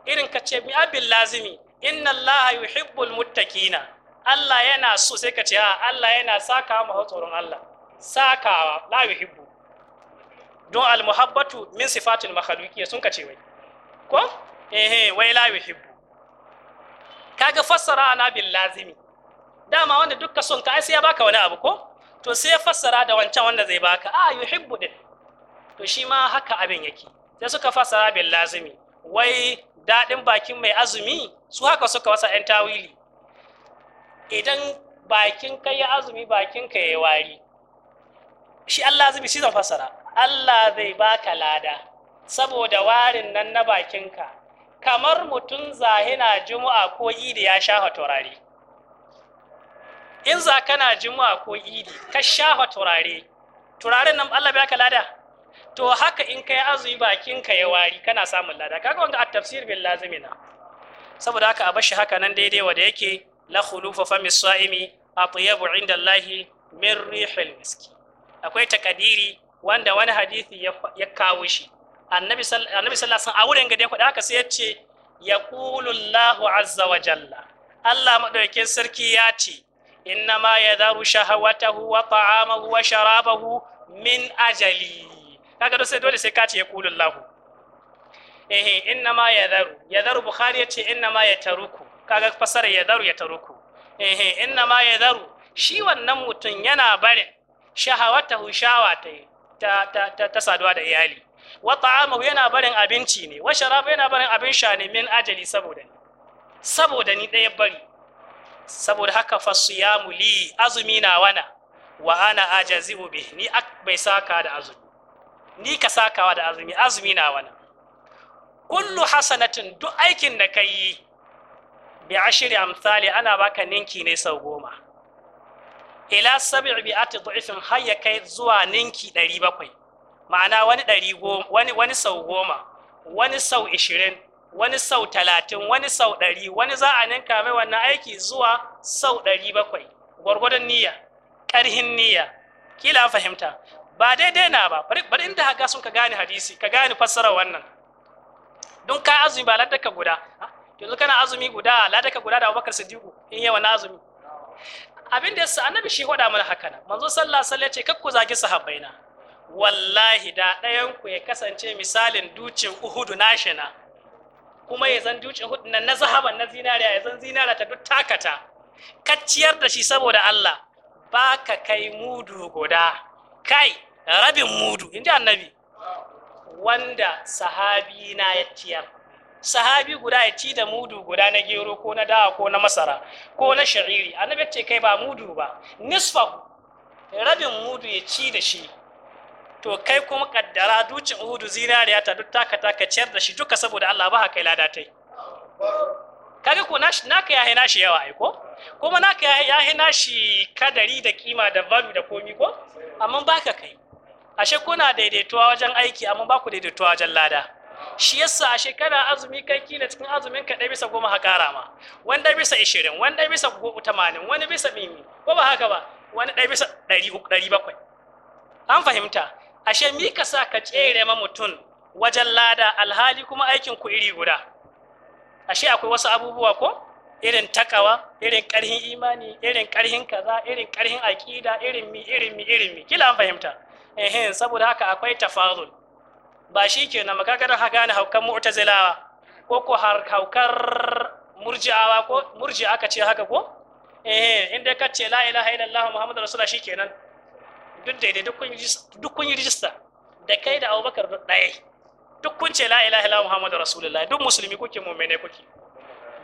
irin ka ce mi abil lazimi inna Allah yuhibbul muttaqina Allah yana so sai ka ce a Allah yana saka mu tsoron Allah sakawa la yuhibbu don al muhabbatu min sifatil makhluqiyya sun ka ce wai ko ehe wai la yuhibbu kaga fassara ana bil lazimi dama wanda dukka son ka ai sai ya baka wani abu ko to sai ya fassara da wancan wanda zai baka a ah, yuhibbu din to shi ma haka abin yake sai suka fassara bil lazimi wai daɗin bakin mai azumi su haka suka wasa yan tawili idan bakin kai ya azumi bakin kai ya wari shi Allah zai shi zan fassara Allah zai baka lada saboda warin nan na bakinka kamar mutum zahina juma'a ko idi ya shafa turare in za kana juma'a ko idi ka shafa turare turaren nan Allah baka lada to haka in kai azumi bakin ka ya wari kana samun lada kaga wanda a tafsir bil lazimina saboda haka a bashi haka nan daidai da yake la khulufa fa misaimi atyabu inda Allah min rihil miski akwai takadiri wanda wani hadisi ya kawo shi annabi sallallahu alaihi wasallam a wurin gade dai da haka sai yace ya ce yaqulu Allahu azza wa jalla Allah madaukakin sarki ya ce innama yadharu shahawatahu wa ta'amahu wa sharabahu min ajali kaga dole sai dole sai ka ce yaqulu Allahu eh innama yadharu yadharu bukhari ya ce innama yataruku kaga fasara yadharu yataruku eh innama yadharu shi wannan mutum yana barin shahawatahu shawa ta ta ta saduwa da iyali Wata ta'amahu yana barin abinci ne wa sharabu yana barin abin sha ne min ajali saboda ni saboda ni ɗaya bari saboda haka fa ya li azumi na wana wa ana ajazibu bi ni bai saka da azumi ni ka sakawa da azumi azumi na wana kullu hasanatin duk aikin da kai bi ashri amsali ana baka ninki ne sau goma ila sab'i bi'ati dha'ifin har ya kai zuwa ninki 700 ma'ana wani ɗari goma wani sau goma wani sau ishirin wani sau talatin wani sau ɗari wani za a ninka mai wannan aiki zuwa sau ɗari bakwai gwargwadon niyya ƙarhin niyya kila fahimta ba daidai na ba bari inda haka sun ka gane hadisi ka gane fassara wannan don ka azumi ba ladaka guda ah, yanzu kana azumi guda ladaka guda da abubakar siddiqu in yawa na azumi abin da yasa annabi shi faɗa mana haka nan manzo sallallahu alaihi wasallam ya ce kakku zagi sahabbaina wallahi da ɗayanku ya kasance misalin ducin uhudu nashina kuma ya zan ducin uhudu na na zahaban na zinariya ya zan zinariya ta duk takata kacciyar da shi saboda Allah ba ka kai mudu guda kai rabin mudu inji annabi wanda sahabi na ya ciyar sahabi guda ya ci da mudu guda na gero ko na dawa ko na masara ko na sha'iri annabi ce kai ba mudu ba nisfa rabin mudu ya ci da shi to kai kuma kaddara dukin uhudu zinariya ta duk taka taka ciyar da shi duka saboda Allah ba haka lada tai kaga ko nashi naka yahe nashi yawa ai ko kuma naka yahe nashi kadari da kima da value da komi ko amma baka kai ashe kuna daidaituwa wajen aiki amma ba ku daidaituwa wajen lada shi yasa ashe kana azumi kai kila cikin azumin ka ɗaya bisa goma ha ƙara ma wani ɗaya bisa 20 wani ɗaya bisa tamanin wani bisa mimi ko ba haka ba wani ɗaya bisa ɗari uku ɗari bakwai an fahimta ashe mi ka sa ka tsere ma mutum wajen lada alhali kuma aikin ku iri guda ashe akwai wasu abubuwa ko irin takawa irin karhin imani irin karhin kaza irin karhin aqida irin mi irin mi irin mi kila an fahimta eh saboda haka akwai tafazul ba shi kenan makagaran haka ne haukan mu'tazilawa ko ko har haukar murji'awa ko murji'a aka ce haka ko eh inda ka ce la ilaha illallah muhammadu rasulullah shikenan duk daidai duk kun yi rijista da kai da abubakar da ɗaya duk kun ce la ilaha muhammadu rasulullah duk musulmi kuke mummene kuke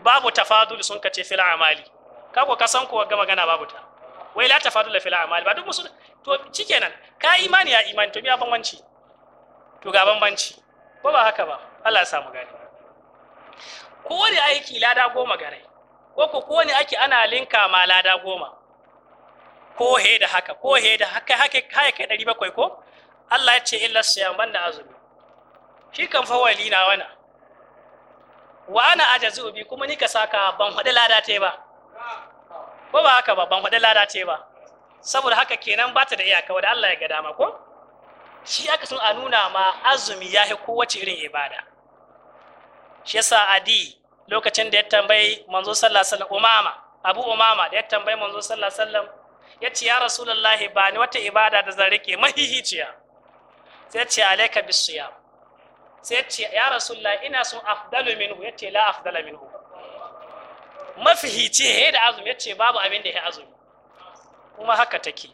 babu tafadul sun kace fil amali kago ka san ko gama gana babu ta wai la tafadul fil amali ba duk musulmi to nan ka imani ya imani to biya banbanci to ga ko ba haka ba Allah ya samu gani kowane aiki lada goma garai ko ko kowane aiki ana linka ma lada goma ko he da haka ko he da haka haka kai kai ɗari bakwai ko Allah ya ce illa siyaman da azumi shi kan fa wali na wana wa ana ajazu bi kuma ni ka saka ban fadi lada te ba ko ba haka ba ban fadi lada te ba saboda haka kenan ba ta da iyaka wanda Allah ya ga dama ko shi aka sun a nuna ma azumi ya yi kowace irin ibada shi yasa adi lokacin da ya tambayi manzo sallallahu alaihi wasallam umama abu umama da ya tambayi manzo sallallahu alaihi wasallam ya ce ya rasulallah ba ni wata ibada da zan rike mahihiciya sai ce alaika bisiyam sai ce ya rasulallah ina sun afdalu minhu ya ce la afdala minhu mafihici he da azumi ya ce babu abin da ya azumi kuma haka take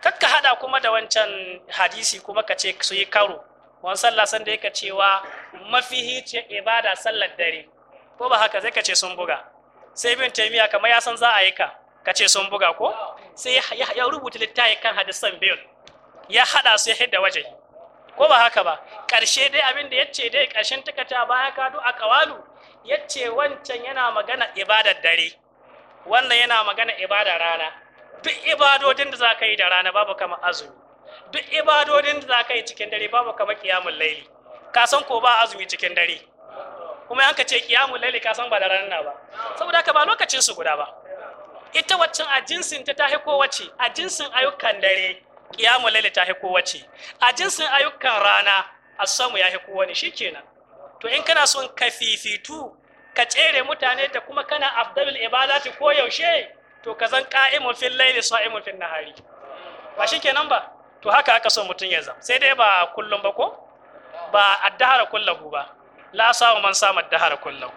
kakka hada kuma da wancan hadisi kuma ka ce su yi karo wani sallah sanda yake cewa mafihici ibada sallar dare ko ba haka zai ka ce sun buga sai bin taimiya kamar ya san za a yi ka Ka ce sun buga ko sai ya rubuta littafi kan hadisan biyu ya hada su ya hidda waje ko ba haka ba karshe dai abin da yace dai karshen takata baya kado a kawalu yace wancan yana magana ibadar dare wannan yana magana ibadar rana duk ibadodin da zaka yi da rana babu kamar azumi duk ibadodin da zaka yi cikin dare babu kamar qiyamul layli ka san ko ba azumi cikin dare kuma an ka ce qiyamul layli ka san ba da rana ba saboda haka ba lokacin su guda ba ita waccan a jinsin ta ta haiko wace a jinsin ayyukan dare qiyamul ta haiko wace a jinsin ayyukan rana a samu ya haiko wani shikenan to in kana son ka fifitu ka tsere mutane da kuma kana afdalul ibadati ko yaushe to ka zan qa'imun fil layli fin fil nahari ba shikenan ba to haka aka son mutum ya zama sai dai ba kullum ba ko ba addahara kullahu ba la sa'a man sama addahara kullahu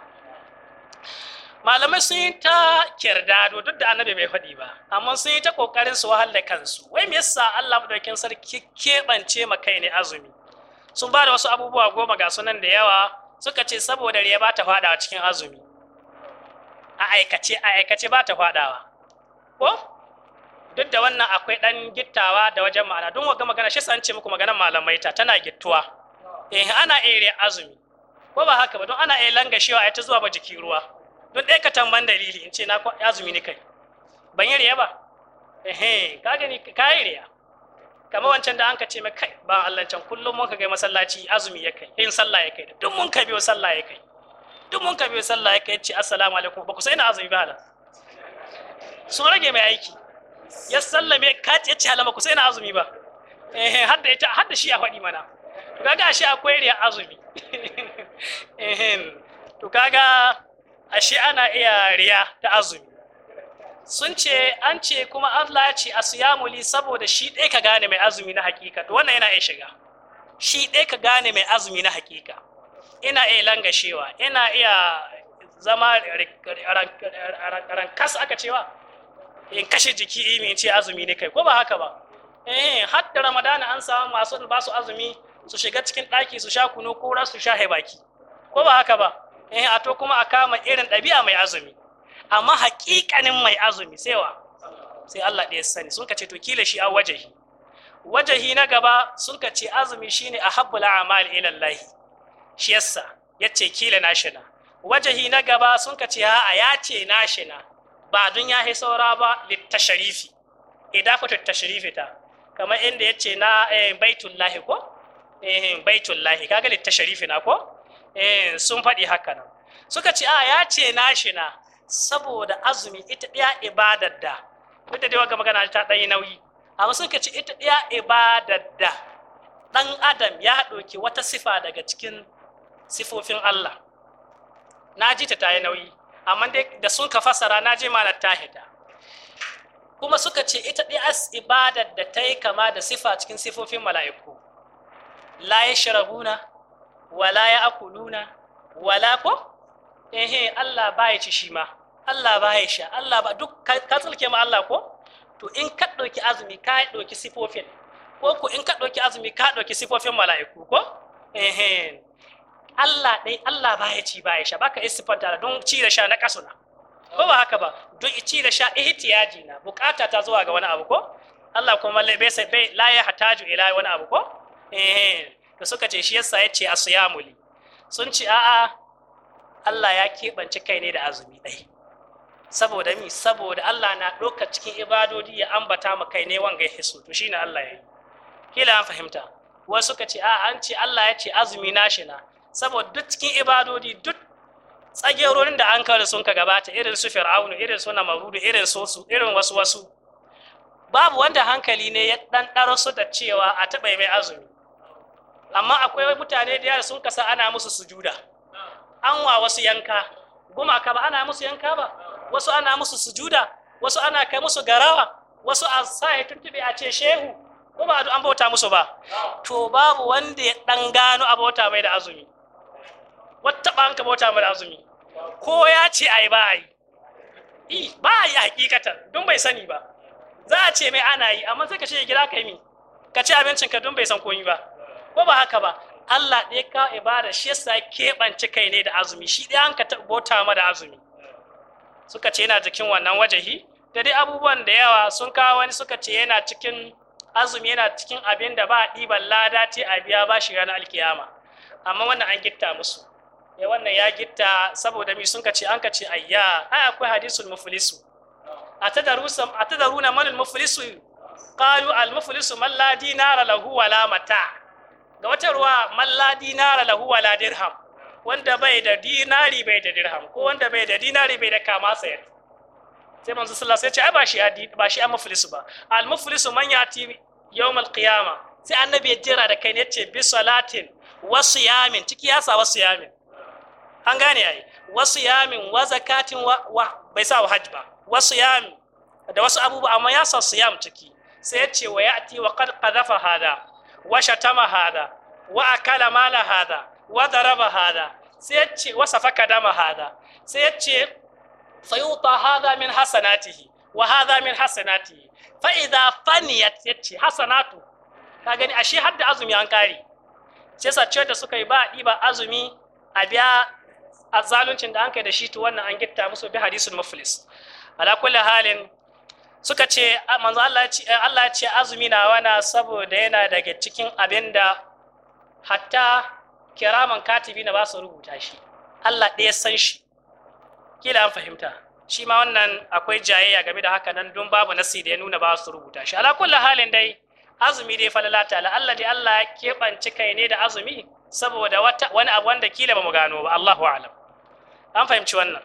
malamai sun yi ta kyardado duk da annabi bai faɗi ba amma sun yi ta kokarin su wahala kansu wai me yasa Allah madaukakin sarki keɓance ma kai ne azumi sun ba da wasu abubuwa goma ga sunan da yawa suka ce saboda riya ba ta faɗawa cikin azumi a aikace a aikace ba ta faɗawa ko duk da wannan akwai ɗan gittawa da wajen ma'ana don waga magana shi san ce muku maganar malamai ta tana gittuwa eh ana iya azumi ko ba haka ba don ana iya langashewa a ta zuwa ba jiki ruwa don ɗaya ka tamban dalili in ce na azumi ni kai ban yi riya ba ehe ka gani ka yi riya kamar wancan da an ka ce mai kai ba Allah can kullum mun ka kai masallaci azumi ya kai yin sallah ya kai duk mun ka biyo sallah ya kai duk mun ka biyo sallah ya kai ce assalamu alaikum ba ku sai na azumi ba halas sun rage mai aiki ya sallame ka ya ce halama ku sai na azumi ba eh har da ita har da shi ya faɗi mana to kaga shi akwai riya azumi eh to kaga ashe ana iya riya ta azumi sun ce an ce kuma Allah ya ce asyamuli saboda shi ɗaya ka gane mai azumi na hakika to wannan yana iya shiga shi ɗaya ka gane mai azumi na hakika ina iya langashewa ina iya zama rankas aka cewa in kashe jiki imi ce azumi ne kai ko ba haka ba eh da ramadana an samu masu ba su azumi su shiga cikin ɗaki su sha kunu ko su sha haibaki ko ba haka ba eh a to kuma a kama irin ɗabi'a mai azumi amma haƙiƙanin mai azumi sai sai Allah ɗaya sani sun ce to kila shi a wajahi wajahi na gaba sun ce azumi shine ahabbul a'mal ila Allah shi yasa yace kila nashina wajahi na gaba sun ce ha a yace nashina ba dun ya hi saura ba littasharifi idafatu tashrifi ta kamar inda yace na eh, baitullahi ko eh baitullahi kaga na ko eh sun faɗi haka nan suka ce a ya ce nashi na saboda azumi ita ɗaya ibadar da duk da dai magana ta ɗanyi nauyi amma suka ce ita ɗaya ibadar da ɗan adam ya ɗauki wata sifa daga cikin sifofin Allah na ji ta ta yi nauyi amma dai da sun ka fasara na je malar hita kuma suka ce ita ɗi'as ibadar da ta yi kama da sifa cikin sifofin mala'iku la ya sharabuna wala ya akuluna wala ko ehe Allah ba ya ci shi ma Allah ba ya sha Allah ba duk ka tsulke ma Allah ko to in ka ɗauki azumi ka dauki sifofin ko ko in ka ɗauki azumi ka dauki sifofin mala'iku ko ehe Allah dai Allah ba ya ci ba ya sha baka istifanta don ci da sha na kasuna ko ba haka ba don ci da sha ihtiyaji na bukata ta zuwa ga wani abu ko Allah kuma bai sai bai la ya hataju ila wani abu ko eh da suka ce shi yasa ya ce asiyamu li sun ce a'a Allah ya keɓance kai ne da azumi ɗai saboda mi saboda Allah na ɗauka cikin ibadodi ya ambata mu kai ne wanga ya hisu to shine Allah ya yi kila an fahimta wa suka ce a'a an ce Allah ya ce azumi na shi na saboda duk cikin ibadodi duk tsagerorin da an kawo sun ka gabata irin su fir'aunu irin su namarudu irin su irin wasu wasu babu wanda hankali ne ya ɗan ɗaro su da cewa a taɓa mai azumi amma akwai mutane da yara sun kasa ana musu sujuda an wa wasu yanka gumaka ba ana musu yanka ba wasu ana musu sujuda wasu ana kai musu garawa wasu a sa ya tuntube a ce shehu ko ba an bauta musu ba to babu wanda ya dan gano a bauta mai da azumi wata ba an ka bauta mai da azumi ko ya ce yi ba a yi ba a yi a hakikata, don bai sani ba za a ce mai ana yi amma sai ka ce gida kai mi ka ci abincin ka don bai san komi ba ko ba haka ba Allah ɗaya ka ibada shi yasa keɓance kai ne da azumi shi ɗaya an ka bota ma da azumi suka ce yana cikin wannan wajahi da dai abubuwan da yawa sun kawo wani suka ce yana cikin azumi yana cikin abin da ba a ɗiban lada ce a biya ba shi ranar alkiyama amma wannan an gitta musu ya eh, wannan ya gitta saboda mi sun ce an ka ce ayya ai akwai hadisul muflisu atadarusam atadaruna manul muflisu qalu al muflisu man la dinara lahu wala mata ga wata ruwa malla dinara lahu wala dirham wanda bai da dinari bai da dirham ko wanda bai da dinari bai da kama sayar sai manzo sallallahu alaihi wasallam sai ce ai ba shi ba muflisu ba al muflisu man yati yawm al qiyama sai annabi ya jira da kai ne ce bi salatin wa siyamin ciki yasa wa siyamin an gane yayi wa siyamin wa zakatin wa bai sa wa hajj ba wa siyamin da wasu abubuwa amma ya sa siyam ciki sai yace ce wa ya'ti wa qad qadafa hada wa shatama hada wa akala mala hada wa daraba hada sai yace wa safaka dama hada sai yace fayuta hada min hasanatihi wa hada min hasanatihi fa idza faniyat yace hasanatu ka gani ashe hadda azumi an kare sai sace da suka yi ba diba azumi a biya azzaluncin da an kai da shi to wannan an gitta musu bi hadisul muflis ala kulli halin suka ce manzo Allah ya ce eh, azumi na wana saboda yana daga cikin abinda hatta kiraman katibi na ba su rubuta shi Allah ɗaya san shi kila an fahimta shi ma wannan akwai jayayya game da haka nan don babu nasi da ya nuna ba su rubuta shi ala kullu halin dai azumi dai fa falala ta'ala Allah dai Allah ya kebanci kai ne da azumi saboda wani abu wanda kila ba mu gano ba Allahu a'lam an fahimci wannan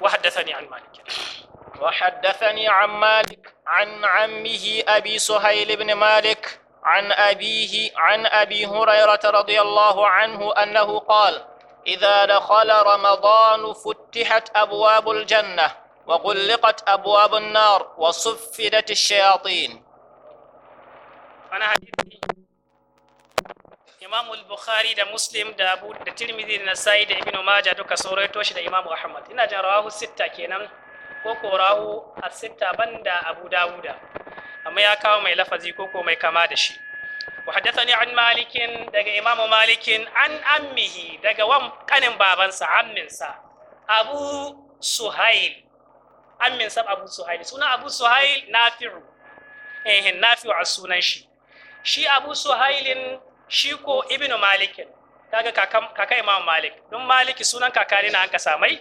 وحدثني عن مالك وحدثني عن مالك عن عمه أبي سهيل بن مالك عن أبيه عن أبي هريرة رضي الله عنه أنه قال إذا دخل رمضان فتحت أبواب الجنة وغلقت أبواب النار وصفدت الشياطين أنا حديثي imamu bukhari da muslim da abu da tirmidhi da nasai da ibnu majah duka sauraito shi da imamu ahmad ina jin rawahu sitta kenan ko ko rawahu as-sitta banda abu dawuda amma ya kawo mai lafazi ko ko mai kama da shi wa haddathani an malikin daga imamu malikin an ammihi daga wan kanin babansa amminsa abu suhail amminsa abu suhail suna abu suhail nafi'u eh nafi'u a sunan shi shi abu suhailin shi ko ibnu malikin kaga kakan kaka imam malik don maliki sunan kaka ne na an ka samai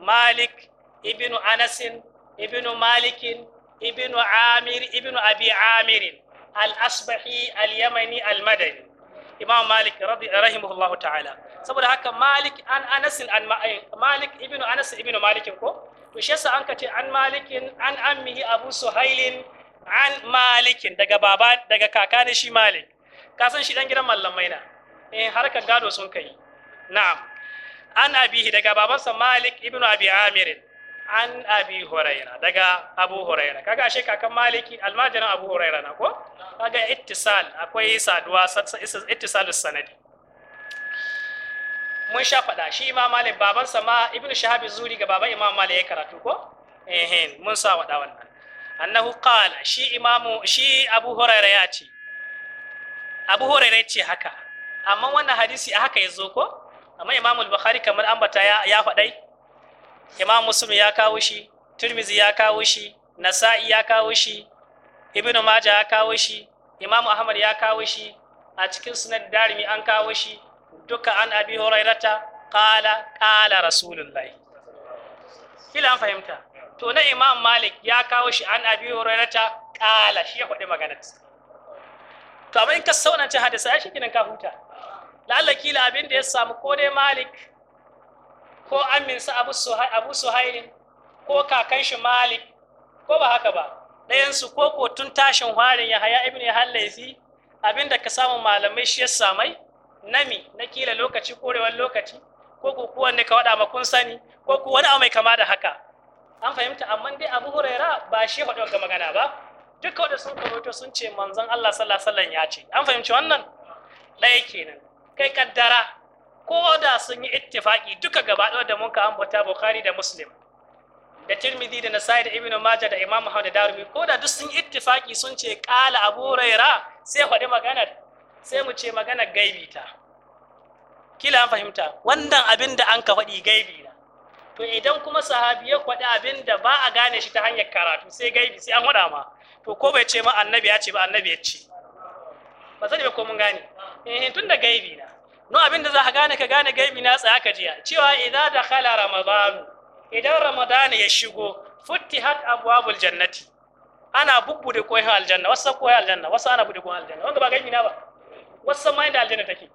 malik ibnu anasin ibnu malikin ibnu amir ibnu abi amirin al-asbahi al-yamani al-madani imam malik rahimahullah ta'ala saboda haka malik an anasin an eh, malik ibnu anas ibnu malikin ko to shi yasa an ka ce an malikin an ammihi abu suhailin an malikin daga baba daga kaka ne shi malik ka san shi dan gidan mallamai na eh harkar gado sun kai na'am an abihi daga babansa malik ibn abi amir an abi huraira daga abu huraira kaga ashe kakan maliki almajirin abu huraira na ko kaga ittisal akwai saduwa ittisal sanadi mun sha fada shi imam malik babansa ma ibn shahab zuri ga baban imam malik ya karatu ko eh mun sa wada wannan annahu qala shi imamu shi abu huraira ya ce abu huraira ce haka amma wannan hadisi a haka ya zo ko amma imamu bukhari kamar ambata ya, ya faɗai imam muslim ya kawo shi turmizi ya kawo shi nasa'i ya kawo shi ibnu maja ya kawo shi imamu ahmad ya kawo shi a cikin sunan darimi an kawo shi duka an abi hurairata qala qala rasulullahi kila an fahimta to na imam malik ya kawo shi an abi hurairata qala shi ya faɗi maganar to amma in ka saunance hadisa ya shikenan ka huta lalla kila abin da ya samu ko dai malik ko aminsa abu suhai abu suhailin ko kakan shi malik ko ba haka ba ɗayansu ko ko tun tashin harin ya haya ibn hallaifi abin da ka samu malamai shi ya samai nami na kila lokaci korewar lokaci ko ko wanne ka waɗa ma kun sani ko ko wani abu mai kama da haka an fahimta amma dai abu huraira ba shi hado ga magana ba duka da sun karoto sun ce manzon Allah sallallahu alaihi ya ce an fahimci wannan ɗaya kenan kai kaddara ko da sun yi ittifaki duka gaba ɗaya da mun ka ambata Bukhari da Muslim da Tirmidhi da Nasa'i da Ibn Majah da Imam Ahmad da Darimi ko da duk sun yi ittifaki sun ce qala Abu Huraira sai faɗi magana sai mu ce magana gaibi ta kila an fahimta wannan abin da an ka faɗi gaibi na to idan kuma sahabi ya faɗi abin ba a gane shi ta hanyar karatu sai gaibi sai an faɗa ma to ko bai ce ma annabi ya ce ba annabi ya ce ba sani ba ko mun gane eh tun da gaibi na no abin da za ka gane ka gane gaibi na tsaya ka jiya cewa idza dakhala ramadan idan ramadan ya shigo futtihat abwabul jannati ana bubbude koyi aljanna wasu koyi aljanna wasu ana bude koyi aljanna wanda ba gaibi na ba wasu ma inda aljanna take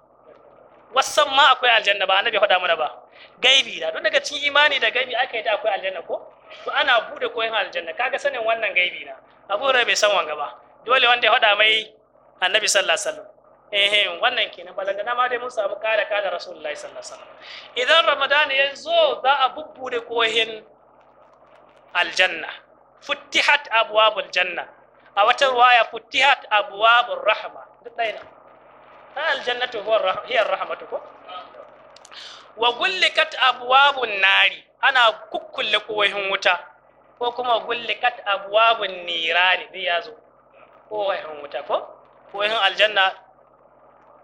wasu ma akwai aljanna ba annabi faɗa mana ba gaibi da don daga cikin imani da gaibi aka yi da akwai aljanna ko to ana bude koyin aljanna kaga sanin wannan gaibi na abu hurairah bai san wanga ba dole wanda ya faɗa mai annabi sallallahu alaihi wasallam eh wannan kenan Na ma dai mun samu kada kada rasulullahi sallallahu alaihi wasallam idan ramadan ya zo za a bubbude kohin aljanna futtihat abwabul janna a wata ruwaya futtihat abwabur rahma duk ɗaya ta aljannatu hiya rahmatu ko wa gullikat abwabun nari ana kukkulle kohin wuta ko kuma gullikat abwabun nirani duk ya zo ko wahin wuta ko ko wahin aljanna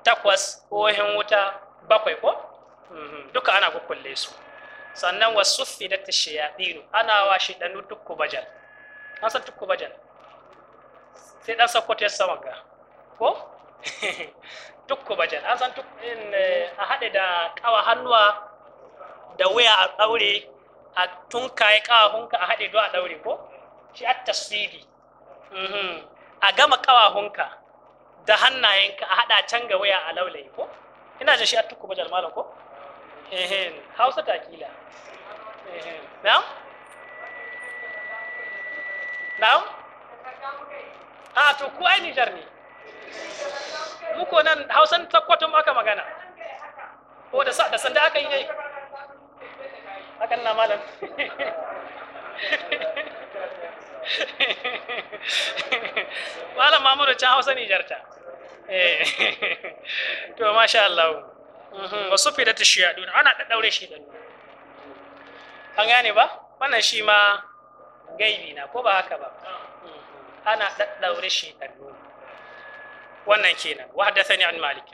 takwas ko wahin wuta bakwai ko mhm, duka ana kukkulle su sannan wasu fidat shayatinu ana wa shi danu tukku bajal an san tukku bajal sai dan sa ya sama ga ko tukku bajal an san eh, a haɗe da kawa hannuwa da wuya a ɗaure a tunkaye ƙawahunka kawahunka a haɗe do a ɗaure ko shi a tasiri mhm. a gama kawahunka da hannayenka a haɗa can ga waya a laulayi ko ina jin shi a tukku bajal malam ko hausa ta ehem na'am na'am a to ai Nijar ne muku nan hausan takwatun aka magana ko da sanda aka yi ne hakan na malam malam mamudu can hausa nijarta eh. to masha Allah mhm. wasu fi da ta shi yaɗu ana ɗaɗɗaure shi ɗan an gane ba wannan shi ma gaibi na ko ba haka ba mhm. ana ɗaɗɗaure shi ɗan wannan kenan wa ni an malik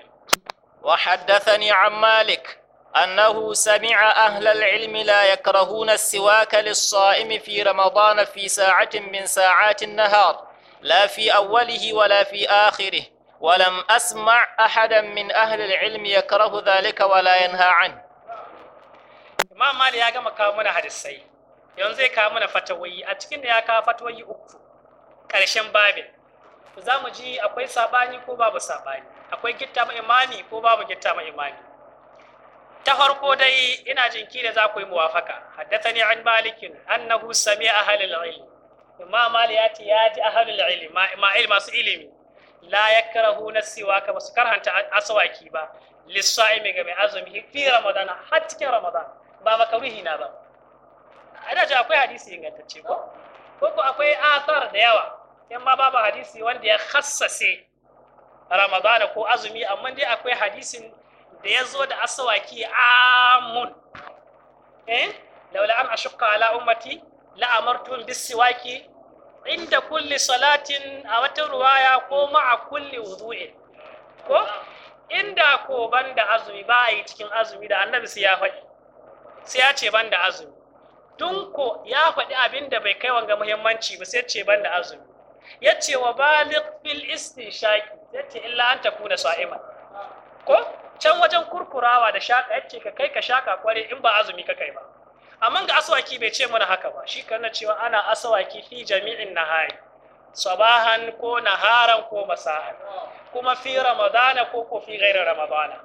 wa haddathani an malik أنه سمع أهل العلم لا يكرهون السواك للصائم في رمضان في ساعة من ساعات النهار لا في أوله ولا في آخره ولم أسمع أحدا من أهل العلم يكره ذلك ولا ينهى عنه Imam Malik ya gama kawo mana hadisai yanzu zai kawo mana fatawoyi a cikin da ya kawo fatawoyi uku ƙarshen babin za mu ji akwai sabani ko babu akwai ma imani babu ma imani ta farko dai ina jin da za ku yi muwafaka haddathani an malikin annahu sami ahlul ilm amma mali ya ce ya ji ahlul ilm ma ilm masu ilimi la yakrahuna siwaka basu karhanta aswaki ba lisa'imi ga mai azumi fi ramadan har cikin ramadan ba makaruhi na ba ana ji akwai hadisi ingantacce ko ko ko akwai athar da yawa in ma babu hadisi wanda ya khassase ramadan ko azumi amma dai akwai hadisin da ya zo da asawaki amun eh laula an ashqa ala ummati la amartum bisiwaki inda kulli salatin a wata ruwaya ko a kulli wudu'in ko inda ko banda azumi ba a yi cikin azumi da annabi sai ya faɗi sai ya ce banda azumi tun ko ya faɗi abinda bai kai wanga muhimmanci ba sai ya ce banda azumi ya ce wa baliq fil istinshaqi ya ce illa an takuna sa'ima ko can wajen kurkurawa da shaka yace ka kai ka shaka kware in ba azumi ka kai ba amma ga aswaki bai ce mana haka ba shi kana cewa ana aswaki fi jami'in nahai sabahan ko naharan ko masahan kuma fi ramadana ko ko fi ghairi ramadana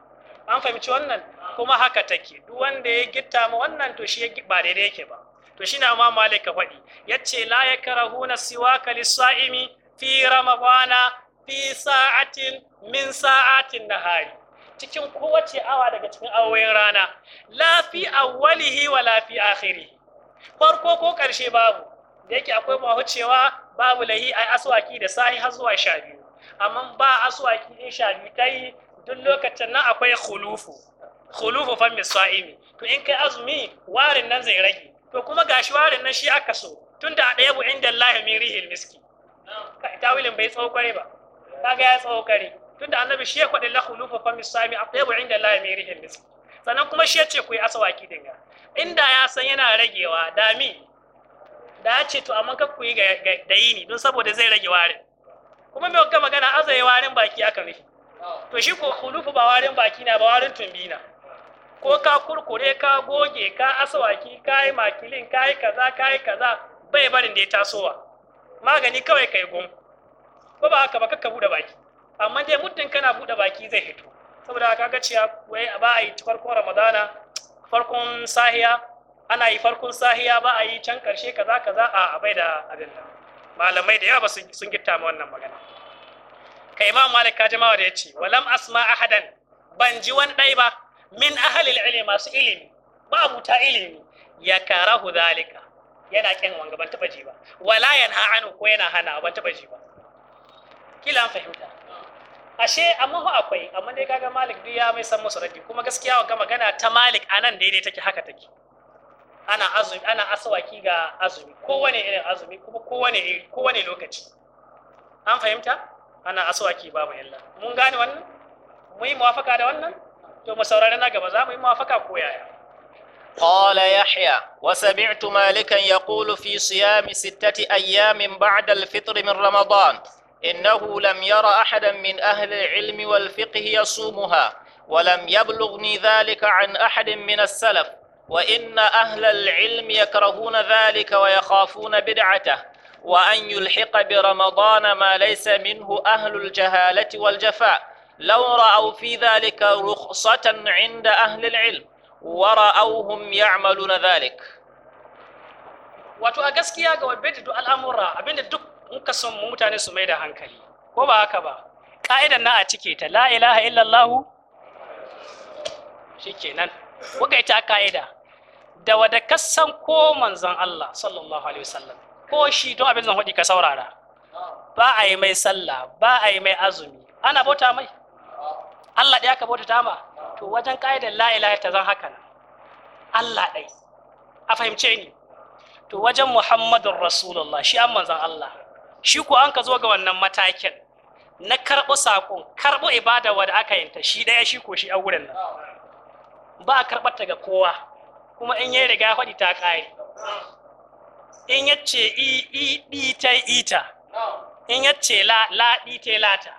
an fahimci wannan kuma haka take duk wanda ya gitta ma wannan to shi ba daidai yake ba to shi na ma malik ka faɗi yace la yakrahuna siwaka lisaimi fi ramadana fi sa'atin min sa'atin nahari cikin kowace awa daga cikin awoyin rana lafi awwalihi wa lafi akhiri farko ko karshe babu da yake akwai mahucewa babu lahi ai aswaki da sahi har zuwa sha biyu amma ba aswaki din sha biyu kai duk lokacin nan akwai khulufu khulufu fa sa'imi to in kai azumi warin nan zai rage to kuma gashi warin nan shi aka so tunda a ɗaya bu inda Allah min rihil miski tawilin bai tsokare ba kaga ya tsokare tunda annabi shi ya faɗi la khulufu fa misami atyabu inda la mirihin misk sannan kuma shi ya ce ku yi asawaki dinga inda ya san yana ragewa dami. da ya ce to amma kar ku yi da yini don saboda zai rage warin kuma mai wakka magana azaye warin baki aka rufe to shi ko khulufu ba warin baki na ba warin tumbi na ko ka kurkure ka goge ka asawaki ka yi makilin ka yi kaza ka yi kaza bai barin da ya tasowa magani kawai kai gum ko ba haka ba kakka bude baki amma dai muddin kana buɗe baki zai fito saboda ka ga cewa wai ba a yi farkon ramadana farkon sahiya ana yi farkon sahiya ba a yi can karshe kaza kaza a abai da abin nan malamai da yawa sun gitta ma wannan magana ka imam malik ka jama'a da yace walam asma ahadan ban ji wani ɗai ba min ahalil ilmi masu ilimi ba abuta ilimi ya karahu zalika yana kin wanga ban taba ji ba wala yanha anu ko yana hana ban taba ji ba kila an fahimta ashe amma fa akwai amma dai kaga malik duk ya mai san musu raddi kuma gaskiya wa ga magana ta malik anan daidai take haka take ana azumi ana asawaki ga azumi kowane irin azumi kuma kowane iri kowane lokaci an fahimta ana asawaki babu illa mun gane wannan mu yi muwafaka da wannan to mu saurari na gaba za mu yi muwafaka ko yaya قال يحيى وسمعت مالكا يقول في صيام ستة أيام بعد الفطر من رمضان إنه لم ير أحدا من أهل العلم والفقه يصومها ولم يبلغني ذلك عن أحد من السلف وإن أهل العلم يكرهون ذلك ويخافون بدعته وأن يلحق برمضان ما ليس منه أهل الجهالة والجفاء لو رأوا في ذلك رخصة عند أهل العلم ورأوهم يعملون ذلك wato a gaskiya ga wadda da al'amura abinda duk in ka son mutane su mai da hankali ko ba haka ba ka'idan na a cike ta la ilaha illallahu shikenan kuka ita ka'ida da wada kasan ko manzon Allah sallallahu alaihi wasallam ko shi don abin zan hudi ka saurara ba a yi mai sallah ba a yi mai azumi ana bauta mai Allah ɗaya ka bauta ma to wajen ka'idar la ilaha ta zan haka Allah ɗai a fahimce ni to wajen Muhammadun Rasulullah shi an manzon Allah shi ko an ka zo ga wannan matakin na karɓo saƙon karɓo ibada wadda aka ta shi ɗaya shi ko shi a wurin nan ba a karɓar ta ga kowa kuma in yi riga faɗi ta ƙare in ya ce i i ɗi ta ita in ya ce la la ɗi ta lata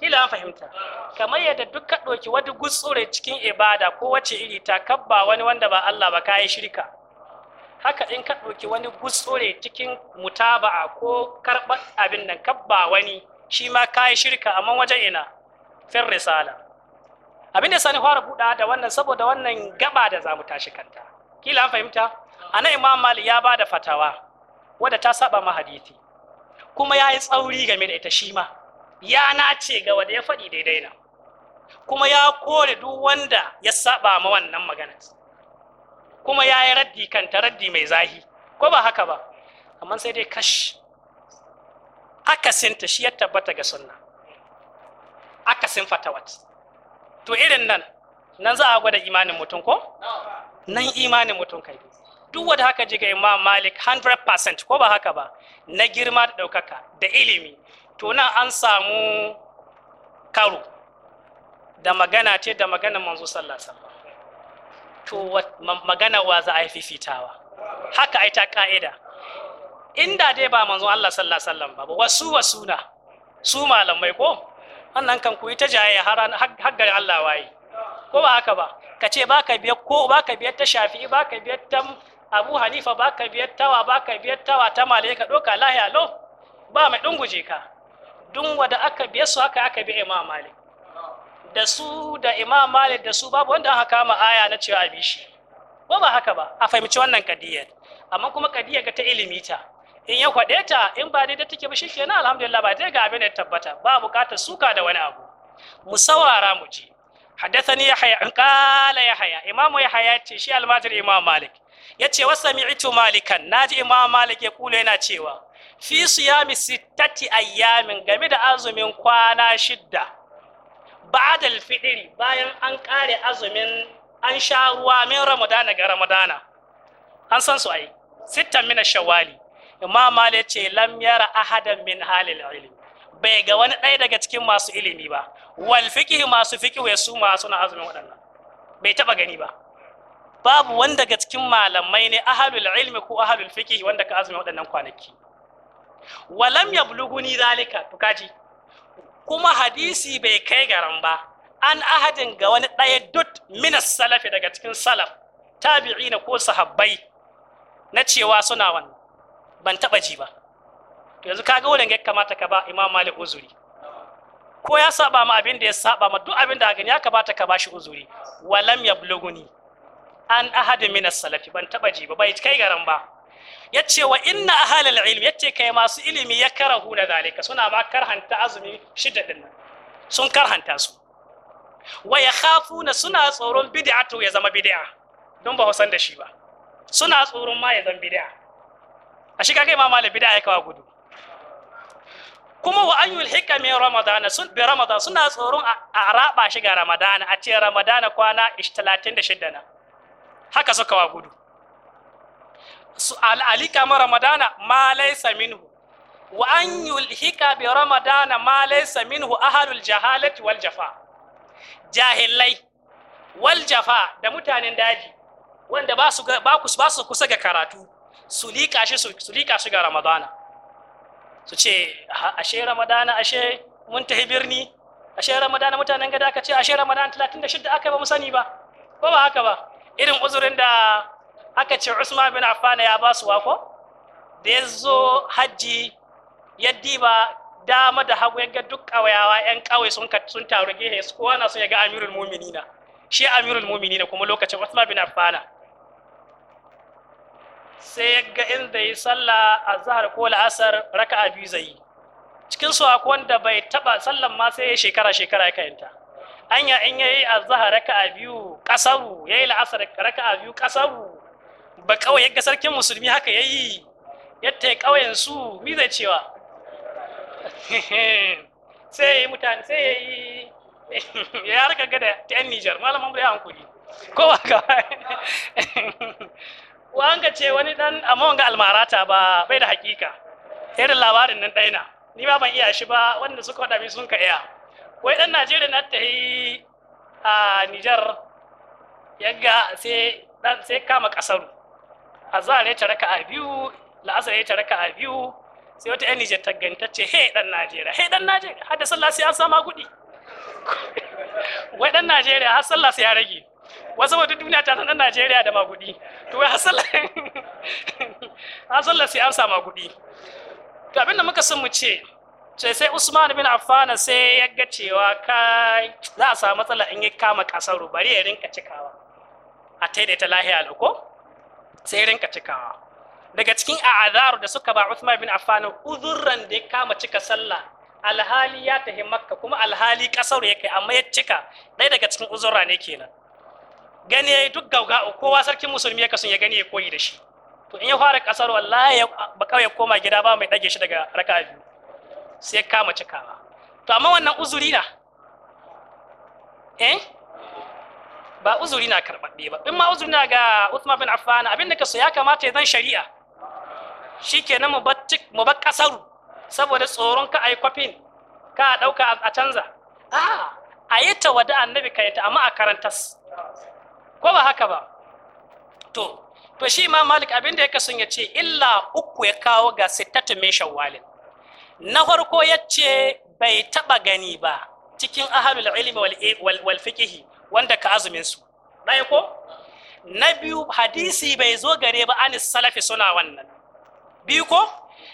kila an fahimta kamar yadda duk ka ɗauki wani gutsure cikin ibada ko wace iri ta kabba wani wanda ba Allah ba yi shirka haka in ka ɗauki wani gutsure cikin mutaba'a ko karɓar abin nan kabba wani shi ma ka yi shirka amma wajen ina fin risala abin da sani fara buɗa da wannan saboda wannan gaba da za mu tashi kanta kila an fahimta ana imam mali ya ba da fatawa wadda ta saba ma hadithi kuma ya yi tsauri game da ita shi ma ya nace ga wanda ya faɗi daidai na kuma ya kore duk wanda ya saba ma wannan maganar kuma ya yi raddi kanta raddi mai zahi ko ba haka ba amma sai dai kash akasinta shi ya tabbata ga sunna akasin fatawat to irin nan nan za a gwada imanin mutum ko nan imanin mutum kai duk wanda haka ji ga imam malik 100% ko ba haka ba na girma da ɗaukaka da ilimi to nan an samu karo da magana ce da magana manzo sallallahu alaihi wasallam wato magana wa za a yi fifitawa haka ai ta ka'ida inda dai ba manzo Allah sallallahu alaihi wasallam ba wasu wasuna su malamai ko wannan kan ku yi ta jayayya har har Allah waye ko ba haka ba ka ce ba ka biyar ko ba ka biyar ta shafi'i ba ka biyar ta abu hanifa ba ka biyar wa ba ka biyar wa ta malai ka doka lahiya lo ba mai dunguje ka dun wada aka biyar su haka aka bi imam malik da su da imam malik da su babu wanda aka kama aya na cewa abi shi ko ba haka ba a fahimci wannan kadiyar amma kuma kadiyar ga ta ilimi ta in ya kwade ta in ba dai da take ba shikenan alhamdulillah ba dai ga abin da tabbata ba bukatar suka da wani abu musawara mu ji mu yahya an qala yahya imam yahya يحيى shi almajir imam malik yace wa sami'tu malikan naji imam malik ya kula yana cewa fi siyami sittati ayyamin game da azumin kwana shidda al fidiri bayan an kare azumin an sha ruwa min ramadana ga ramadana an san su ai sittan min shawali imam malik ce lam yara ahadan min halil ilmi bai ga wani ɗaya daga cikin masu ilimi ba wal fiqh masu fiqh su masu na azumin waɗannan bai taba gani ba babu wanda daga cikin malamai ne ahalul ilmi ko ahalul fiqh wanda ka azumin waɗannan kwanaki walam yablughuni zalika to kaji kuma hadisi bai kai garan ba an ahadin ga wani ɗaya dut minas salafi daga cikin salaf na ko sahabbai na cewa suna wannan ban taɓa ji ba yanzu kaga wurin ya kamata ka ba imam malik uzuri ko ya saba ma abin da ya saba ma duk abin da gani ya kamata ka ba shi uzuri walam yabluguni an ahadin minas salafi ban taɓa ji ba bai kai garan ba yace wa inna ahlal ilm yace kai masu ilimi ya karahu na zalika suna ma karhanta azumi shida din nan sun karhanta su wa ya na suna tsoron bid'atu ya zama bid'a don ba san da shi ba suna tsoron ma ya zama bid'a a shi kai ma malam bid'a ya kawo gudu kuma wa an yulhika ramadana sun bi Ramadana suna tsoron a raba shi ga ramadana a ce ramadana kwana 36 na haka suka wa gudu alika ma ramadana ma laisa minhu wa an yulhika bi ramadana ma laisa minhu ahalul jahalati wal jafa jahilai wal jafa da mutanen daji wanda ba su ba su kusa ga karatu su lika shi su lika shi ga ramadana su ce ashe ramadana ashe mun tafi birni ashe ramadana mutanen gada ka ce ashe ramadana 36 aka ba mu sani ba ko ba haka ba irin uzurin da aka ce Usman bin Affan ya ba su wako da ya zo hajji ya diba dama da hagu ya ga duk kawayawa 'yan ƙawai sun sun taru gehe su kowa na son ya ga Amirul Mu'minina shi Amirul Mu'minina kuma lokacin Usman bin Affan sai ya ga ya zai sallah azhar ko la'asar raka'a biyu zai yi cikin su akwai wanda bai taba sallan ma sai shekara shekara ya kayanta anya in yayi azhar raka'a biyu kasaru yayi la'asar raka'a biyu kasaru ba kawai yaga sarkin musulmi haka yayi yadda ya kawayen su mi zai cewa sai yi mutane sai ya yi ya gada ta yan Nijar malaman bai hankuri ko ba ka wanga ce wani dan amma wanga almarata ba bai da hakika irin labarin nan ɗaina ni ba ban iya shi ba wanda suka waɗa min sun ka iya wai dan Najeriya na ta yi a Nijar yaga sai kama kasaru azhar ya raka a biyu la'asar ya raka a biyu sai wata yan nijar tagantacce he dan najeriya he dan najeriya har da sallah sai an sama gudi wai dan najeriya har sallah sai ya rage wasu wata duniya ta san dan najeriya da magudi to wai har sallah har sallah sai an sama gudi to abinda muka san mu ce sai sai Usman bin Affan sai ya ga cewa kai za a samu matsala in ya kama kasar bari ya rinka cikawa a taidaita lahiya ko sai rinka cikawa daga cikin a'azaru da suka ba Uthman bin Affan uzurran da ya kama cika sallah alhali ya tahi makka kuma alhali kasar ya kai amma ya cika ɗaya daga cikin uzurra ne kenan gani yayi duk gauga kowa sarkin musulmi ya kasu ya gani ya koyi da shi to in ya fara kasar wallahi ba kawai ya koma gida ba mai dage shi daga raka biyu sai ya kama cikawa to amma wannan uzuri na eh ba uzuri na karɓaɓɓe ba in ma uzuri na ga Uthman bin Affan abin da kaso ya kamata ya zan shari'a shikenan mu battik mu bar kasar saboda tsoron ka ai kwafin ka dauka a canza a yi tawada annabi ka yata amma a karantas ko ba haka ba to to shi ma malik abin da ya kasun ya ce illa uku ya kawo ga sittatu min shawwalin na farko ya ce bai taba gani ba cikin ahalul ilmi wal fiqhi wanda ka azumin su ɗaya ko na biyu hadisi bai zo gare ba anis salafi suna wannan biyu ko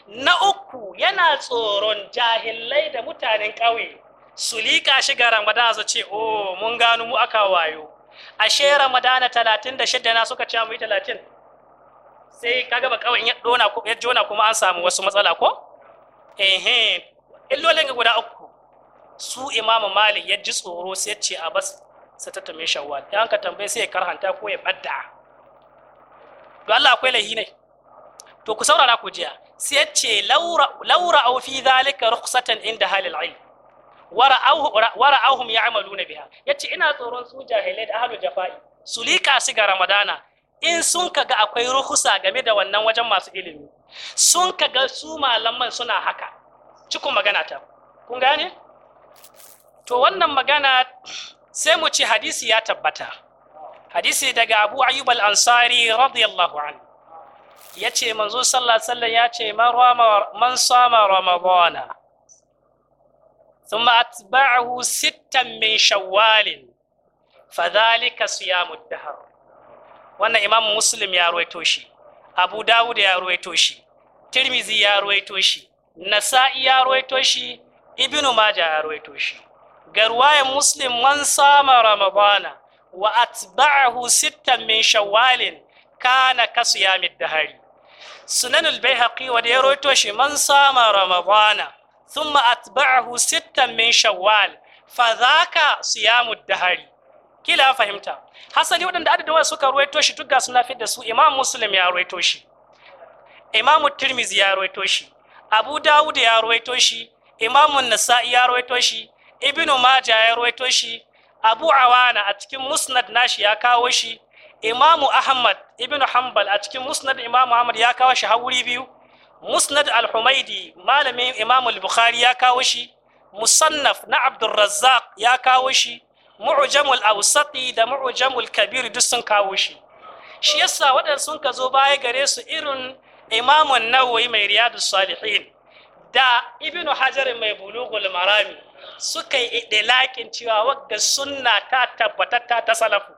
na uku yana tsoron jahilai da mutanen ƙauye su liƙa shi ga ramadana su ce oh mun gano mu aka wayo ashe ramadana talatin da shidda na suka ce mu yi talatin sai kaga ba kawai ya dona ya jona kuma an samu wasu matsala ko ehe illolin guda uku su imamu malik ya ji tsoro sai ce a bas Sai ta min shawwal dan ka tambaye sai ya karhanta ko ya badda to Allah akwai laihi ne to ku saurara ku jiya sai ya ce laura laura au fi zalika rukhsatan inda halil ilm wara'auhum ya'maluna biha yace ina tsoron su jahilai da ahlul jafa'i su lika su ga ramadana in sun kaga akwai ruhusa game da wannan wajen masu ilimi sun kaga su malaman suna haka cikin magana ta kun gane to wannan magana sai mu ce hadisi ya tabbata hadisi daga abu ayyub al-ansari radiyallahu an ya ce manzo sallallahu alaihi ya ce man sama ramadana ثم أتبعه ستا من شوال فذلك siyamu dahr wannan imam muslim ya ruwaito shi abu dawud ya ruwaito shi tirmizi ya ruwaito shi nasa'i ya ruwaito shi ibnu majah ya ruwaito shi ga muslim man sama ramadana wa atba'ahu sittan min shawwalin kana kasu ya middahari sunanul bayhaqi wa da ya roto shi man sama ramadana thumma atba'ahu sittan min shawwal fa dhaka siyamu dahari kila fahimta hasali waɗanda adadin suka ruwaito shi duk suna suna da su imam muslim ya ruwaito shi imam tirmizi ya ruwaito shi abu dawud ya ruwaito shi imam nasa'i ya ruwaito shi ibnu maja ya rawaito shi abu awana a cikin musnad nashi ya kawo shi imamu ahmad ibnu hanbal a cikin musnad imamu ahmad ya kawo shi hauri biyu musnad al-humaidi malamin imamu al-bukhari ya kawo shi musannaf na abdurrazzaq ya kawo shi mu'jamul awsati da mu'jamul kabir duk sun kawo shi shi yasa waɗanda sun ka zo baya gare su irin imamun nawawi mai riyadus salihin da ibnu hajar mai bulughul marami suka yi idilakin cewa wagga sunna ta tabbatatta ta salafu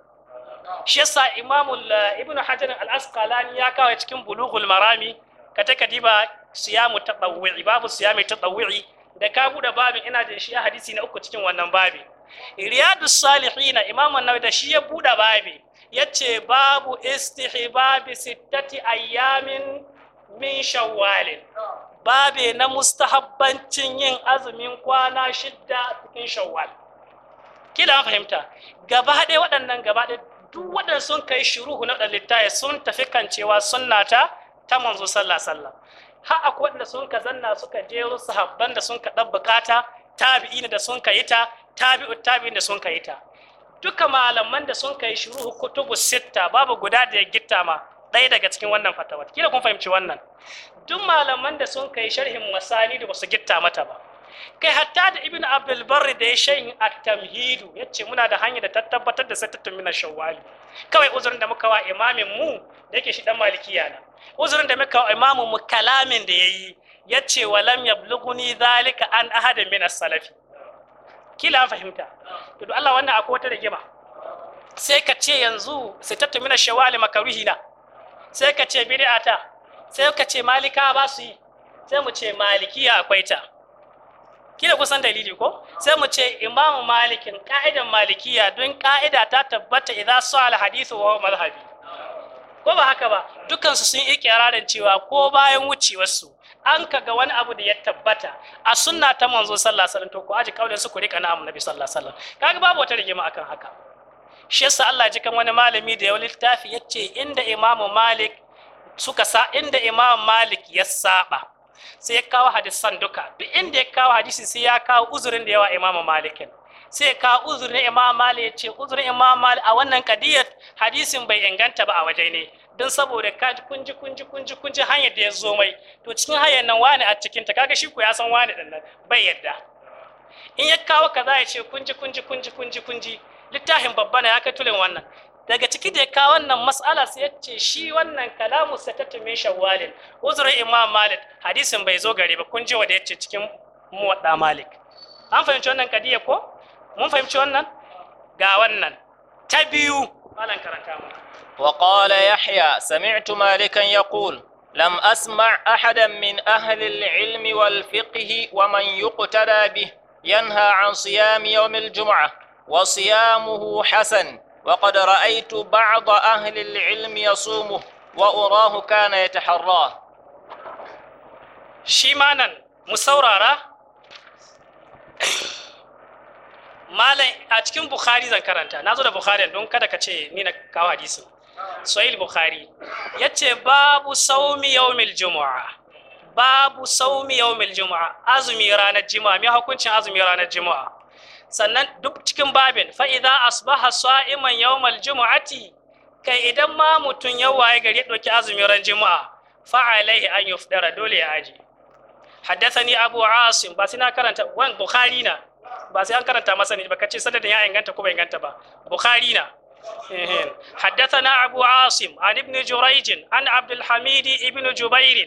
shi yasa imamu eh, ibnu hajar al-asqalani ya kawo cikin bulughul marami ka ta kadiba siyamu tatawwi babu siyami tatawwi da ka guda babin ina jin shi hadisi na uku cikin wannan babin riyadus salihina imamu nawawi da shi ya babi ya yace babu istihbabi sittati ayyamin min shawwalin babe na mustahabbancin yin azumin kwana shidda cikin shawwal kila an fahimta gaba ɗaya waɗannan gaba ɗaya duk waɗanda sun kai shuruhu na waɗanda littaya sun tafi kan cewa sunnata ta manzo sallah sallah ha akwai waɗanda sun ka zanna suka jero sahabban da sun ka ɗan bukata tabi'in da sun ka yi ta tabi'u tabi'in da sun ka yi ta duka malaman da sun ka yi shuruhu kutubu sitta babu guda da ya gitta ma ɗaya daga cikin wannan fatawa kila kun fahimci wannan duk malaman da sun kai sharhin masani da basu gitta mata ba kai hatta da ibn abdul barri da ya shayin at-tamhidu yace muna da hanya da ta tabbatar da sai min shawwali kawai uzurin da muka wa imamin mu da yake shi dan malikiya na uzurin da muka wa imamin mu kalamin da yayi yace walam yablughuni zalika an ahadin min as-salafi kila fahimta to Allah wannan akwai wata rigima sai ka ce yanzu sattatun min shawwali makaruhi na sai ka ce bid'a ta sai ka ce malika ba su yi sai mu ce malikiya akwai ta kila kusan dalili ko sai mu ce imamu malikin ka'idan malikiya don ka'ida ta tabbata idza sahal hadithu wa madhhabi ko ba haka ba dukkan su sun yi kirarin cewa ko bayan wucewar su an kaga wani abu da ya tabbata a sunna ta manzo sallallahu alaihi wasallam to ku aji kaulin su ku rika na annabi sallallahu alaihi wasallam kaga babu wata rigima akan haka shi yasa Allah ji kan wani malami da ya wani littafi ya ce inda Imam malik suka sa inda Imam malik ya saba sai ya kawo hadisan duka bi inda ya kawo hadisi sai ya kawo uzurin da yawa Imam malikin sai ya kawo uzurin imam malik ya ce uzurin imam malik a wannan kadiyar hadisin bai inganta ba a waje ne don saboda ka kunji kunji kunji kunji hanyar da ya zo mai to cikin hanyar nan wani a cikin ta kaga shi ko ya san wani dan nan bai yadda in ya kawo kaza ya ce kunji kunji kunji kunji kunji littafin babba ne ya kai tulin wannan daga ciki da ya kawo wannan mas'ala sai ya ce shi wannan kalamu satatumin shawwalin uzurin imam malik hadisin bai zo gare ba kun ji wanda ya ce cikin muwadda malik an fahimci wannan kadiya ko mun fahimci wannan ga wannan ta biyu malan karanta mu wa qala yahya sami'tu malikan yaqul لم أسمع أحدا من أهل العلم والفقه ومن يقتدى به ينهى عن صيام يوم الجمعة وصيامه حسن وقد رأيت بعض أهل العلم يصومه وأراه كان يتحراه شيمانا مسورارا malam a cikin bukhari zan karanta na zo da bukhari don kada ka ce ni na kawo hadisin sahih bukhari yace babu saumi yawmil jumu'a babu saumi yawmil jumu'a azumi ranar juma'a me hukuncin azumi ranar juma'a sannan duk cikin babin fa asbaha sa'iman yawmal jumu'ati kai idan ma mutun ya waye gari ya dauki azumin ran juma'a fa alaihi an yufdara dole ya aji ni abu asim ba sai na karanta wan bukhari na ba sai an karanta masa ne ba ce sanadin ya inganta ko bai inganta ba bukhari na حدثنا أبو عاصم عن ابن جريج عن عبد الحميد ابن جبير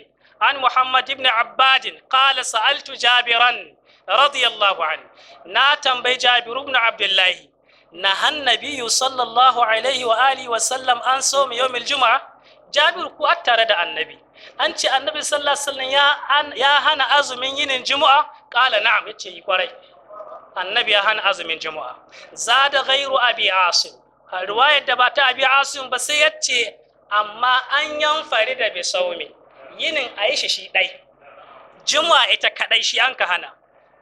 عن محمد بن عباد قال سألت جابرا radiyallahu anhu na tambayi Jabir ibn Abdullah nahan nabiyyu sallallahu alaihi wa alihi wa sallam an sawmi juma'a Jabir ku tare da annabi an ce annabi sallallahu alaihi wasallam ya ya hana azumin yinin juma'a qala na'am yace yi kwarai annabi ya hana azumin juma'a zada ghairu abi asim riwayar da ba ta abi asim ba sai yace amma an yanfari da bi saumi yinin aisha shi dai juma'a ita kadai shi an ka hana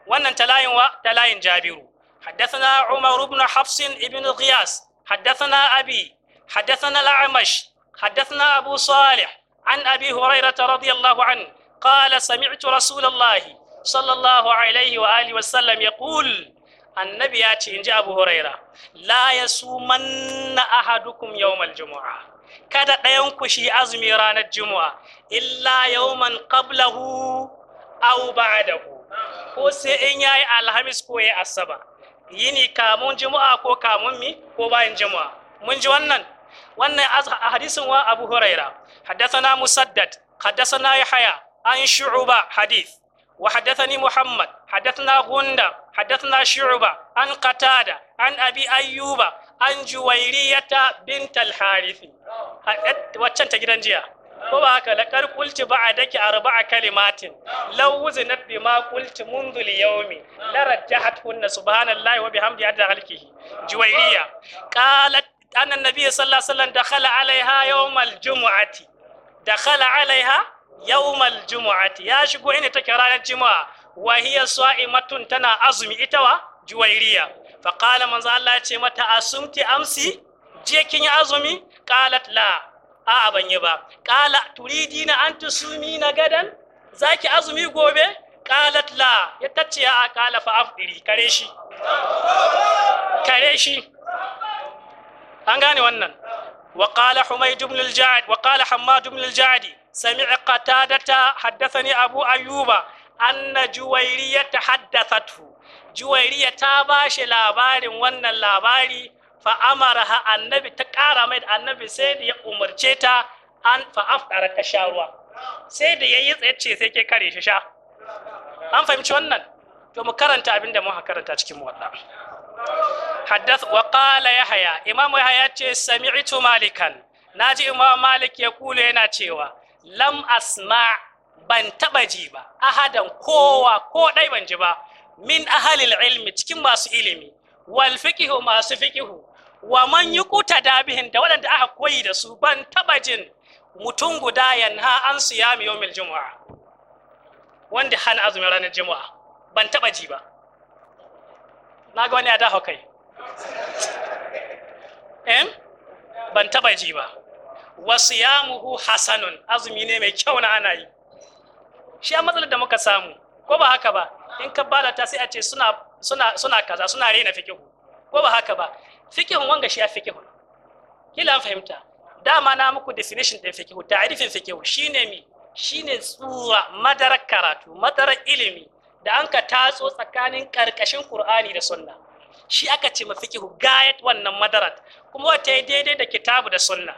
wannan talayin wa talayin jabiru حدثنا عمر بن حفص بن غياس حدثنا أبي حدثنا الأعمش حدثنا أبو صالح عن أبي هريرة رضي الله عنه قال سمعت رسول الله صلى الله عليه وآله وسلم يقول النبي ياتي إن جاء أبو هريرة لا يصومن أحدكم يوم الجمعة kada ɗayanku shi azumi ranar Juma'a illa yawman qablahu aw ba'dahu ko sai in yayi alhamis ko yayi asaba yini kamun juma'a ko kamun mi ko bayan jimu'a mun ji wannan wannan hadisin wa abu huraira haddathana musaddad haddathana yahya an shu'ba hadith wa haddathani muhammad haddathana gunda haddathana shu'ba an qatada an abi ayyuba an juwairiyata bint al-harith eh, waccan ta gidan jiya Kuma ka haka laƙar kulci ba a daki arba'a kalimatin law wuzinat bima kulci mundu al-yawmi la rajjahat kunna subhanallahi wa bihamdi adda halkihi juwayriya qalat anna an-nabiy sallallahu alaihi wasallam dakhala 'alayha yawm al-jum'ati dakhala 'alayha yawm al-jum'ati ya shigo ina take ranar juma'a wa hiya sa'imatun tana azumi ita wa? juwayriya fa qala manzo Allah ya ce mata asumti amsi je kin yi azumi qalat la a'a ban yi ba qala turidina an tusumi na gadan zaki azumi gobe qalat la ya tace ya qala fa afdiri kare shi kare shi an gane wannan wa qala humayd ibn al-ja'd wa qala hammad ibn al-ja'di sami'a qatadata haddathani abu ayyuba anna juwairiya tahaddathathu juwairiya ta shi labarin wannan labari fa'amaraha annabi ta ƙara mai da annabi sai da ya umarce ta an fa'afdara ka sha ruwa sai da yayi tsaye ce sai ke kare shi sha an fahimci wannan to mu karanta abin da muka karanta cikin muwadda haddath wa ya yahya imamu yahya ce sami'tu malikan na ji imamu malik ya kula yana cewa lam asma ban taba ji ba ahadan kowa ko dai ban ji ba min ahalil ilmi cikin masu ilimi wal fiqhu masu fiqhu wa man yi kuta da waɗanda aka koyi da su ban taɓa jin mutum guda yanha an siyami yawmil jumu'a wanda hana azumin ranar jumu'a ban taɓa ji ba na ga wani ya dawo kai ɗin ban taɓa ji ba wasu yamuhu hasanun azumi ne mai kyau na ana yi shi a matsalar da muka samu ko ba haka ba in ka bada ta sai a ce suna kaza suna rena fikihu ko ba haka ba fikihun wanga shi ya fikihun kila an fahimta dama na muku definition ɗin fikihu ta'rifin fikihu shine mi shine tsura madarar karatu madarar ilimi da an ka tatso tsakanin karkashin Qur'ani da Sunna shi aka ce mafikihu gayat wannan madarat kuma wata yi daidai da kitabu da sunna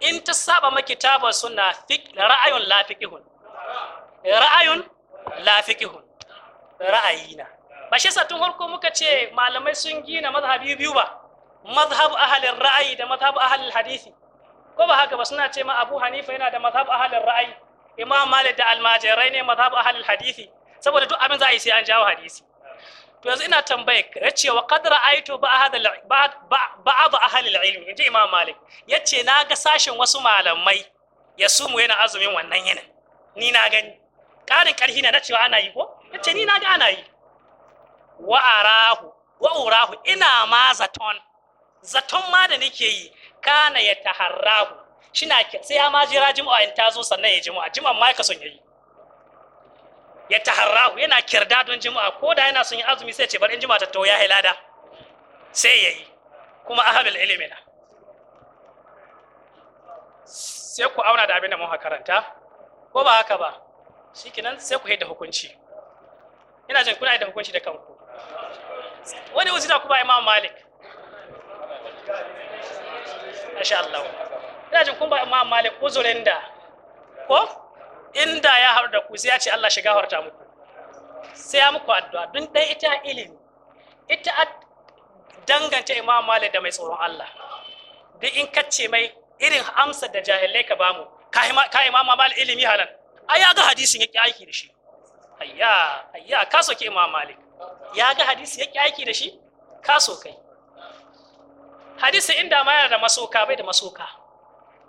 in ta saba ma kitabu da sunna ra'ayun la fiqihun ra'ayun la fiqihun ra'ayina ba shi sa tun farko muka ce malamai sun gina mazhabi biyu ba mazhab ahalin ra'ayi da mazhab ahalin hadisi ko ba haka ba suna ce ma abu hanifa yana da mazhab ahalin ra'ayi imam malik da almajirai ne mazhab ahalin hadisi saboda duk abin za a yi sai an jawo hadisi to yanzu ina tambaye ya ce wa qad ra'aytu ba'd ahalil ilmi inji imam malik yace na ga sashin wasu malamai ya sumu yana azumin wannan yanin ni na gani ƙarin ƙarfi na cewa ana yi ko yace ni na ga ana yi wa arahu wa urahu ina ma zaton zaton ma da nake yi kana ya taharrahu shina sai ya ma jira jima'a in ta zo sannan ya jima'a jima'a ma ka son ya yi? ya taharrahu yana kirda don jima'a ko da yana son yi azumi sai ce bar in jima'a ta tawo ya hilada sai ya yi. kuma ahlul ilmi na sai ku auna da abin da mun karanta ko ba haka ba shikenan sai ku haida hukunci ina jin kuna haida hukunci da kanku wani uzina kuma imam malik Masha Allah ina jin kun ba Imam Malik uzurin da ko inda ya haɗu da ku sai ya ce Allah shiga harta muku sai ya muku addu'a don dai ita ilimi ita danganta Imam Malik da mai tsoron Allah duk in kace mai irin amsar da jahilai ka bamu ka Imam Malik ilimi halan ai ya ga hadisin yake aiki da shi ayya ayya ka soke Imam Malik ya ga hadisi yake aiki da shi ka so kai hadisi inda ma yana da masoka bai da masoka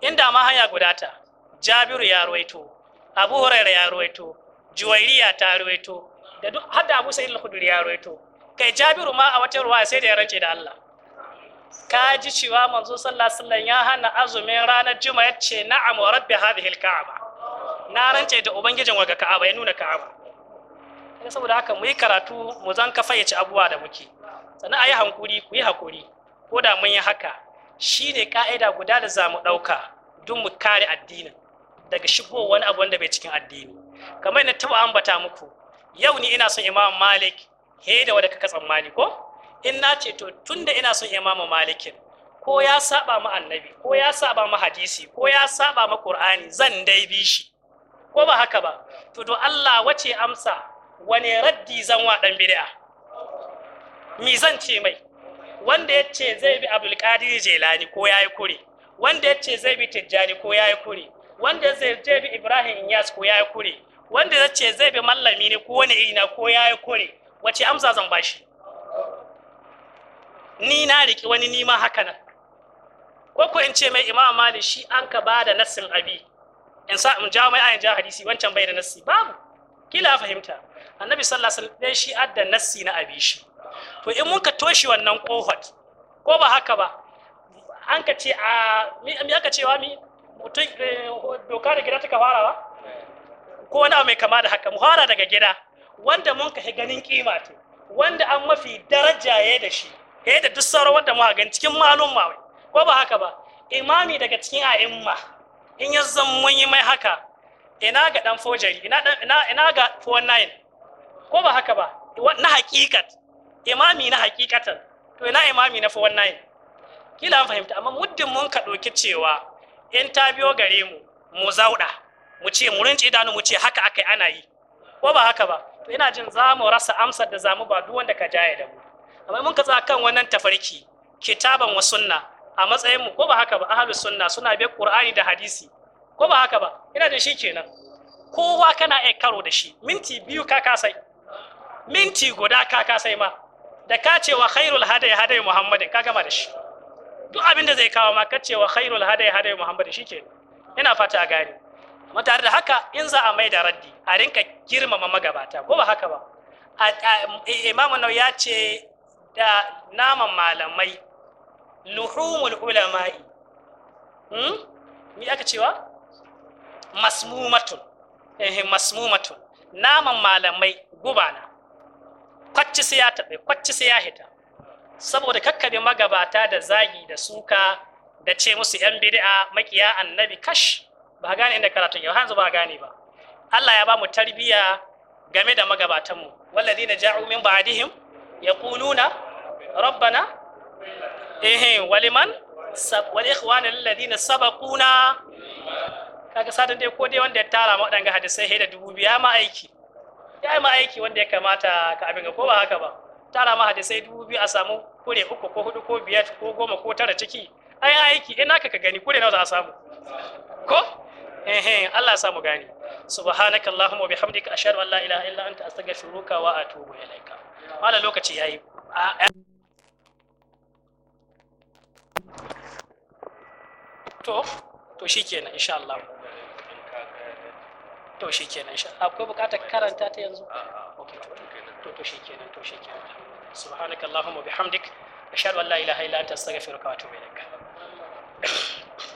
inda ma hanya gudata jabiru ya ruwaito abu huraira ya ruwaito juwairiya ta ruwaito da duk har da abu sai al-khudri ya ruwaito kai jabiru ma a wata ruwa sai da ya rance da Allah ka ji cewa manzo sallallahu alaihi ya hana azumin ranar juma'a ce na'am wa rabbi hadhihi al-ka'aba na rance da ubangijin waga ka'aba ya nuna ka'aba saboda haka mu yi karatu mu zan ya ci abuwa da muke sannan a yi hankuri ku yi hakuri ko da mun yi haka shi ne ka'ida guda da za mu ɗauka don mu kare addinin daga shigo wani abu wanda bai cikin addini kamar na taɓa ambata muku yau ni ina son imam malik he da wanda kaka tsammani ko in na ce to tunda ina son imam malikin ko ya saba ma annabi ko ya saba ma hadisi ko ya saba ma ƙur'ani, zan dai bi shi ko ba haka ba to do Allah wace amsa Wani raddi zan wa dan bid'a mi zan ce mai wanda ya ce zai bi abdulkadir jelani ko ya yi kure wanda ya ce zai bi tijjani ko ya yi kure wanda zai je bi ibrahim inyas ko ya yi kure wanda ya ce zai bi mallami ne ko wani ina ko ya yi kure wace amsa zan bashi ni na riki wani nima haka nan ko ko in ce mai imam malik shi an ka ba da nassin abi in sa in jawo mai ayin jawo hadisi wancan bai da nassi babu kila fahimta annabi sallallahu alaihi wasallam shi adda nassi na abi shi to in mun ka toshe wannan kohot ko ba haka ba an ka ce a mi aka cewa mi mutum eh, doka da gida ta farawa ko wani abu mai kama da haka mu fara daga gida wanda mun ka ganin kima to wanda an mafi daraja ya da shi ya da duk sauran wanda mu ga cikin malum ma ko ba haka ba imami daga cikin a'imma in ya zan mun yi mai haka ina ga dan fojari ina ina ina ga 49 ko ba haka ba na hakikat imami na hakikatan to ina imami na 419 kila an fahimta amma muddin mun ka ɗauki cewa in ta biyo gare mu mu zauɗa mu ce mu rinci idanu mu ce haka aka ana yi ko ba haka ba to ina jin za mu rasa amsar da zamu ba duk wanda ka jaye da mu amma mun ka kan wannan tafarki kitaban wa sunna a matsayin mu ko ba haka ba ahlus sunna suna bi qur'ani da hadisi ko ba haka ba ina jin kenan, kowa kana aikaro karo da shi minti biyu ka kasai minti guda ka kasai ma da ka ce wa khairul hadai hadai muhammadin ka gama da shi duk abin da zai kawo ma ka ce wa khairul hadai hadai muhammadin shike ina fata a gane amma tare da haka in za a mai da raddi a rinka girmama magabata ko ba haka ba e, imamu nau ya ce da naman malamai luhumul ulama'i hmm? mi aka cewa masmumatun eh masmumatun naman malamai gubana kwacci sai ya taɓe kwacci sai ya hita saboda kakkabe magabata da zagi da suka da ce musu yan bid'a makiya annabi kash ba gane inda karatun yau hanzu ba gane ba Allah ya ba mu tarbiya game da magabatan mu walladina ja'u min ba'dihim yaquluna rabbana eh waliman sab wal ikhwana alladhina sabaquna kaga sadan dai ko dai wanda ya tara mu wadanga hadisai da dubu biya ma aiki ya yi ma aiki wanda ya kamata ka abin ko ba haka ba tara ma hadisai dubu biyu a samu kure uku ko hudu ko biyar ko goma ko tara ciki ai aiki in naka ka gani kure nawa za a samu ko eh Allah ya samu gani subhanaka allahumma bihamdika ashhadu an la ilaha illa anta astaghfiruka wa atubu ilaika wala lokaci yayi to to shikenan insha Allah to shi kenan sha akwai bukatar karanta ta yanzu okay to to shi kenan to shi kenan subhanakallahumma bihamdik ashhadu an la ilaha illa anta astaghfiruka wa atubu ilaik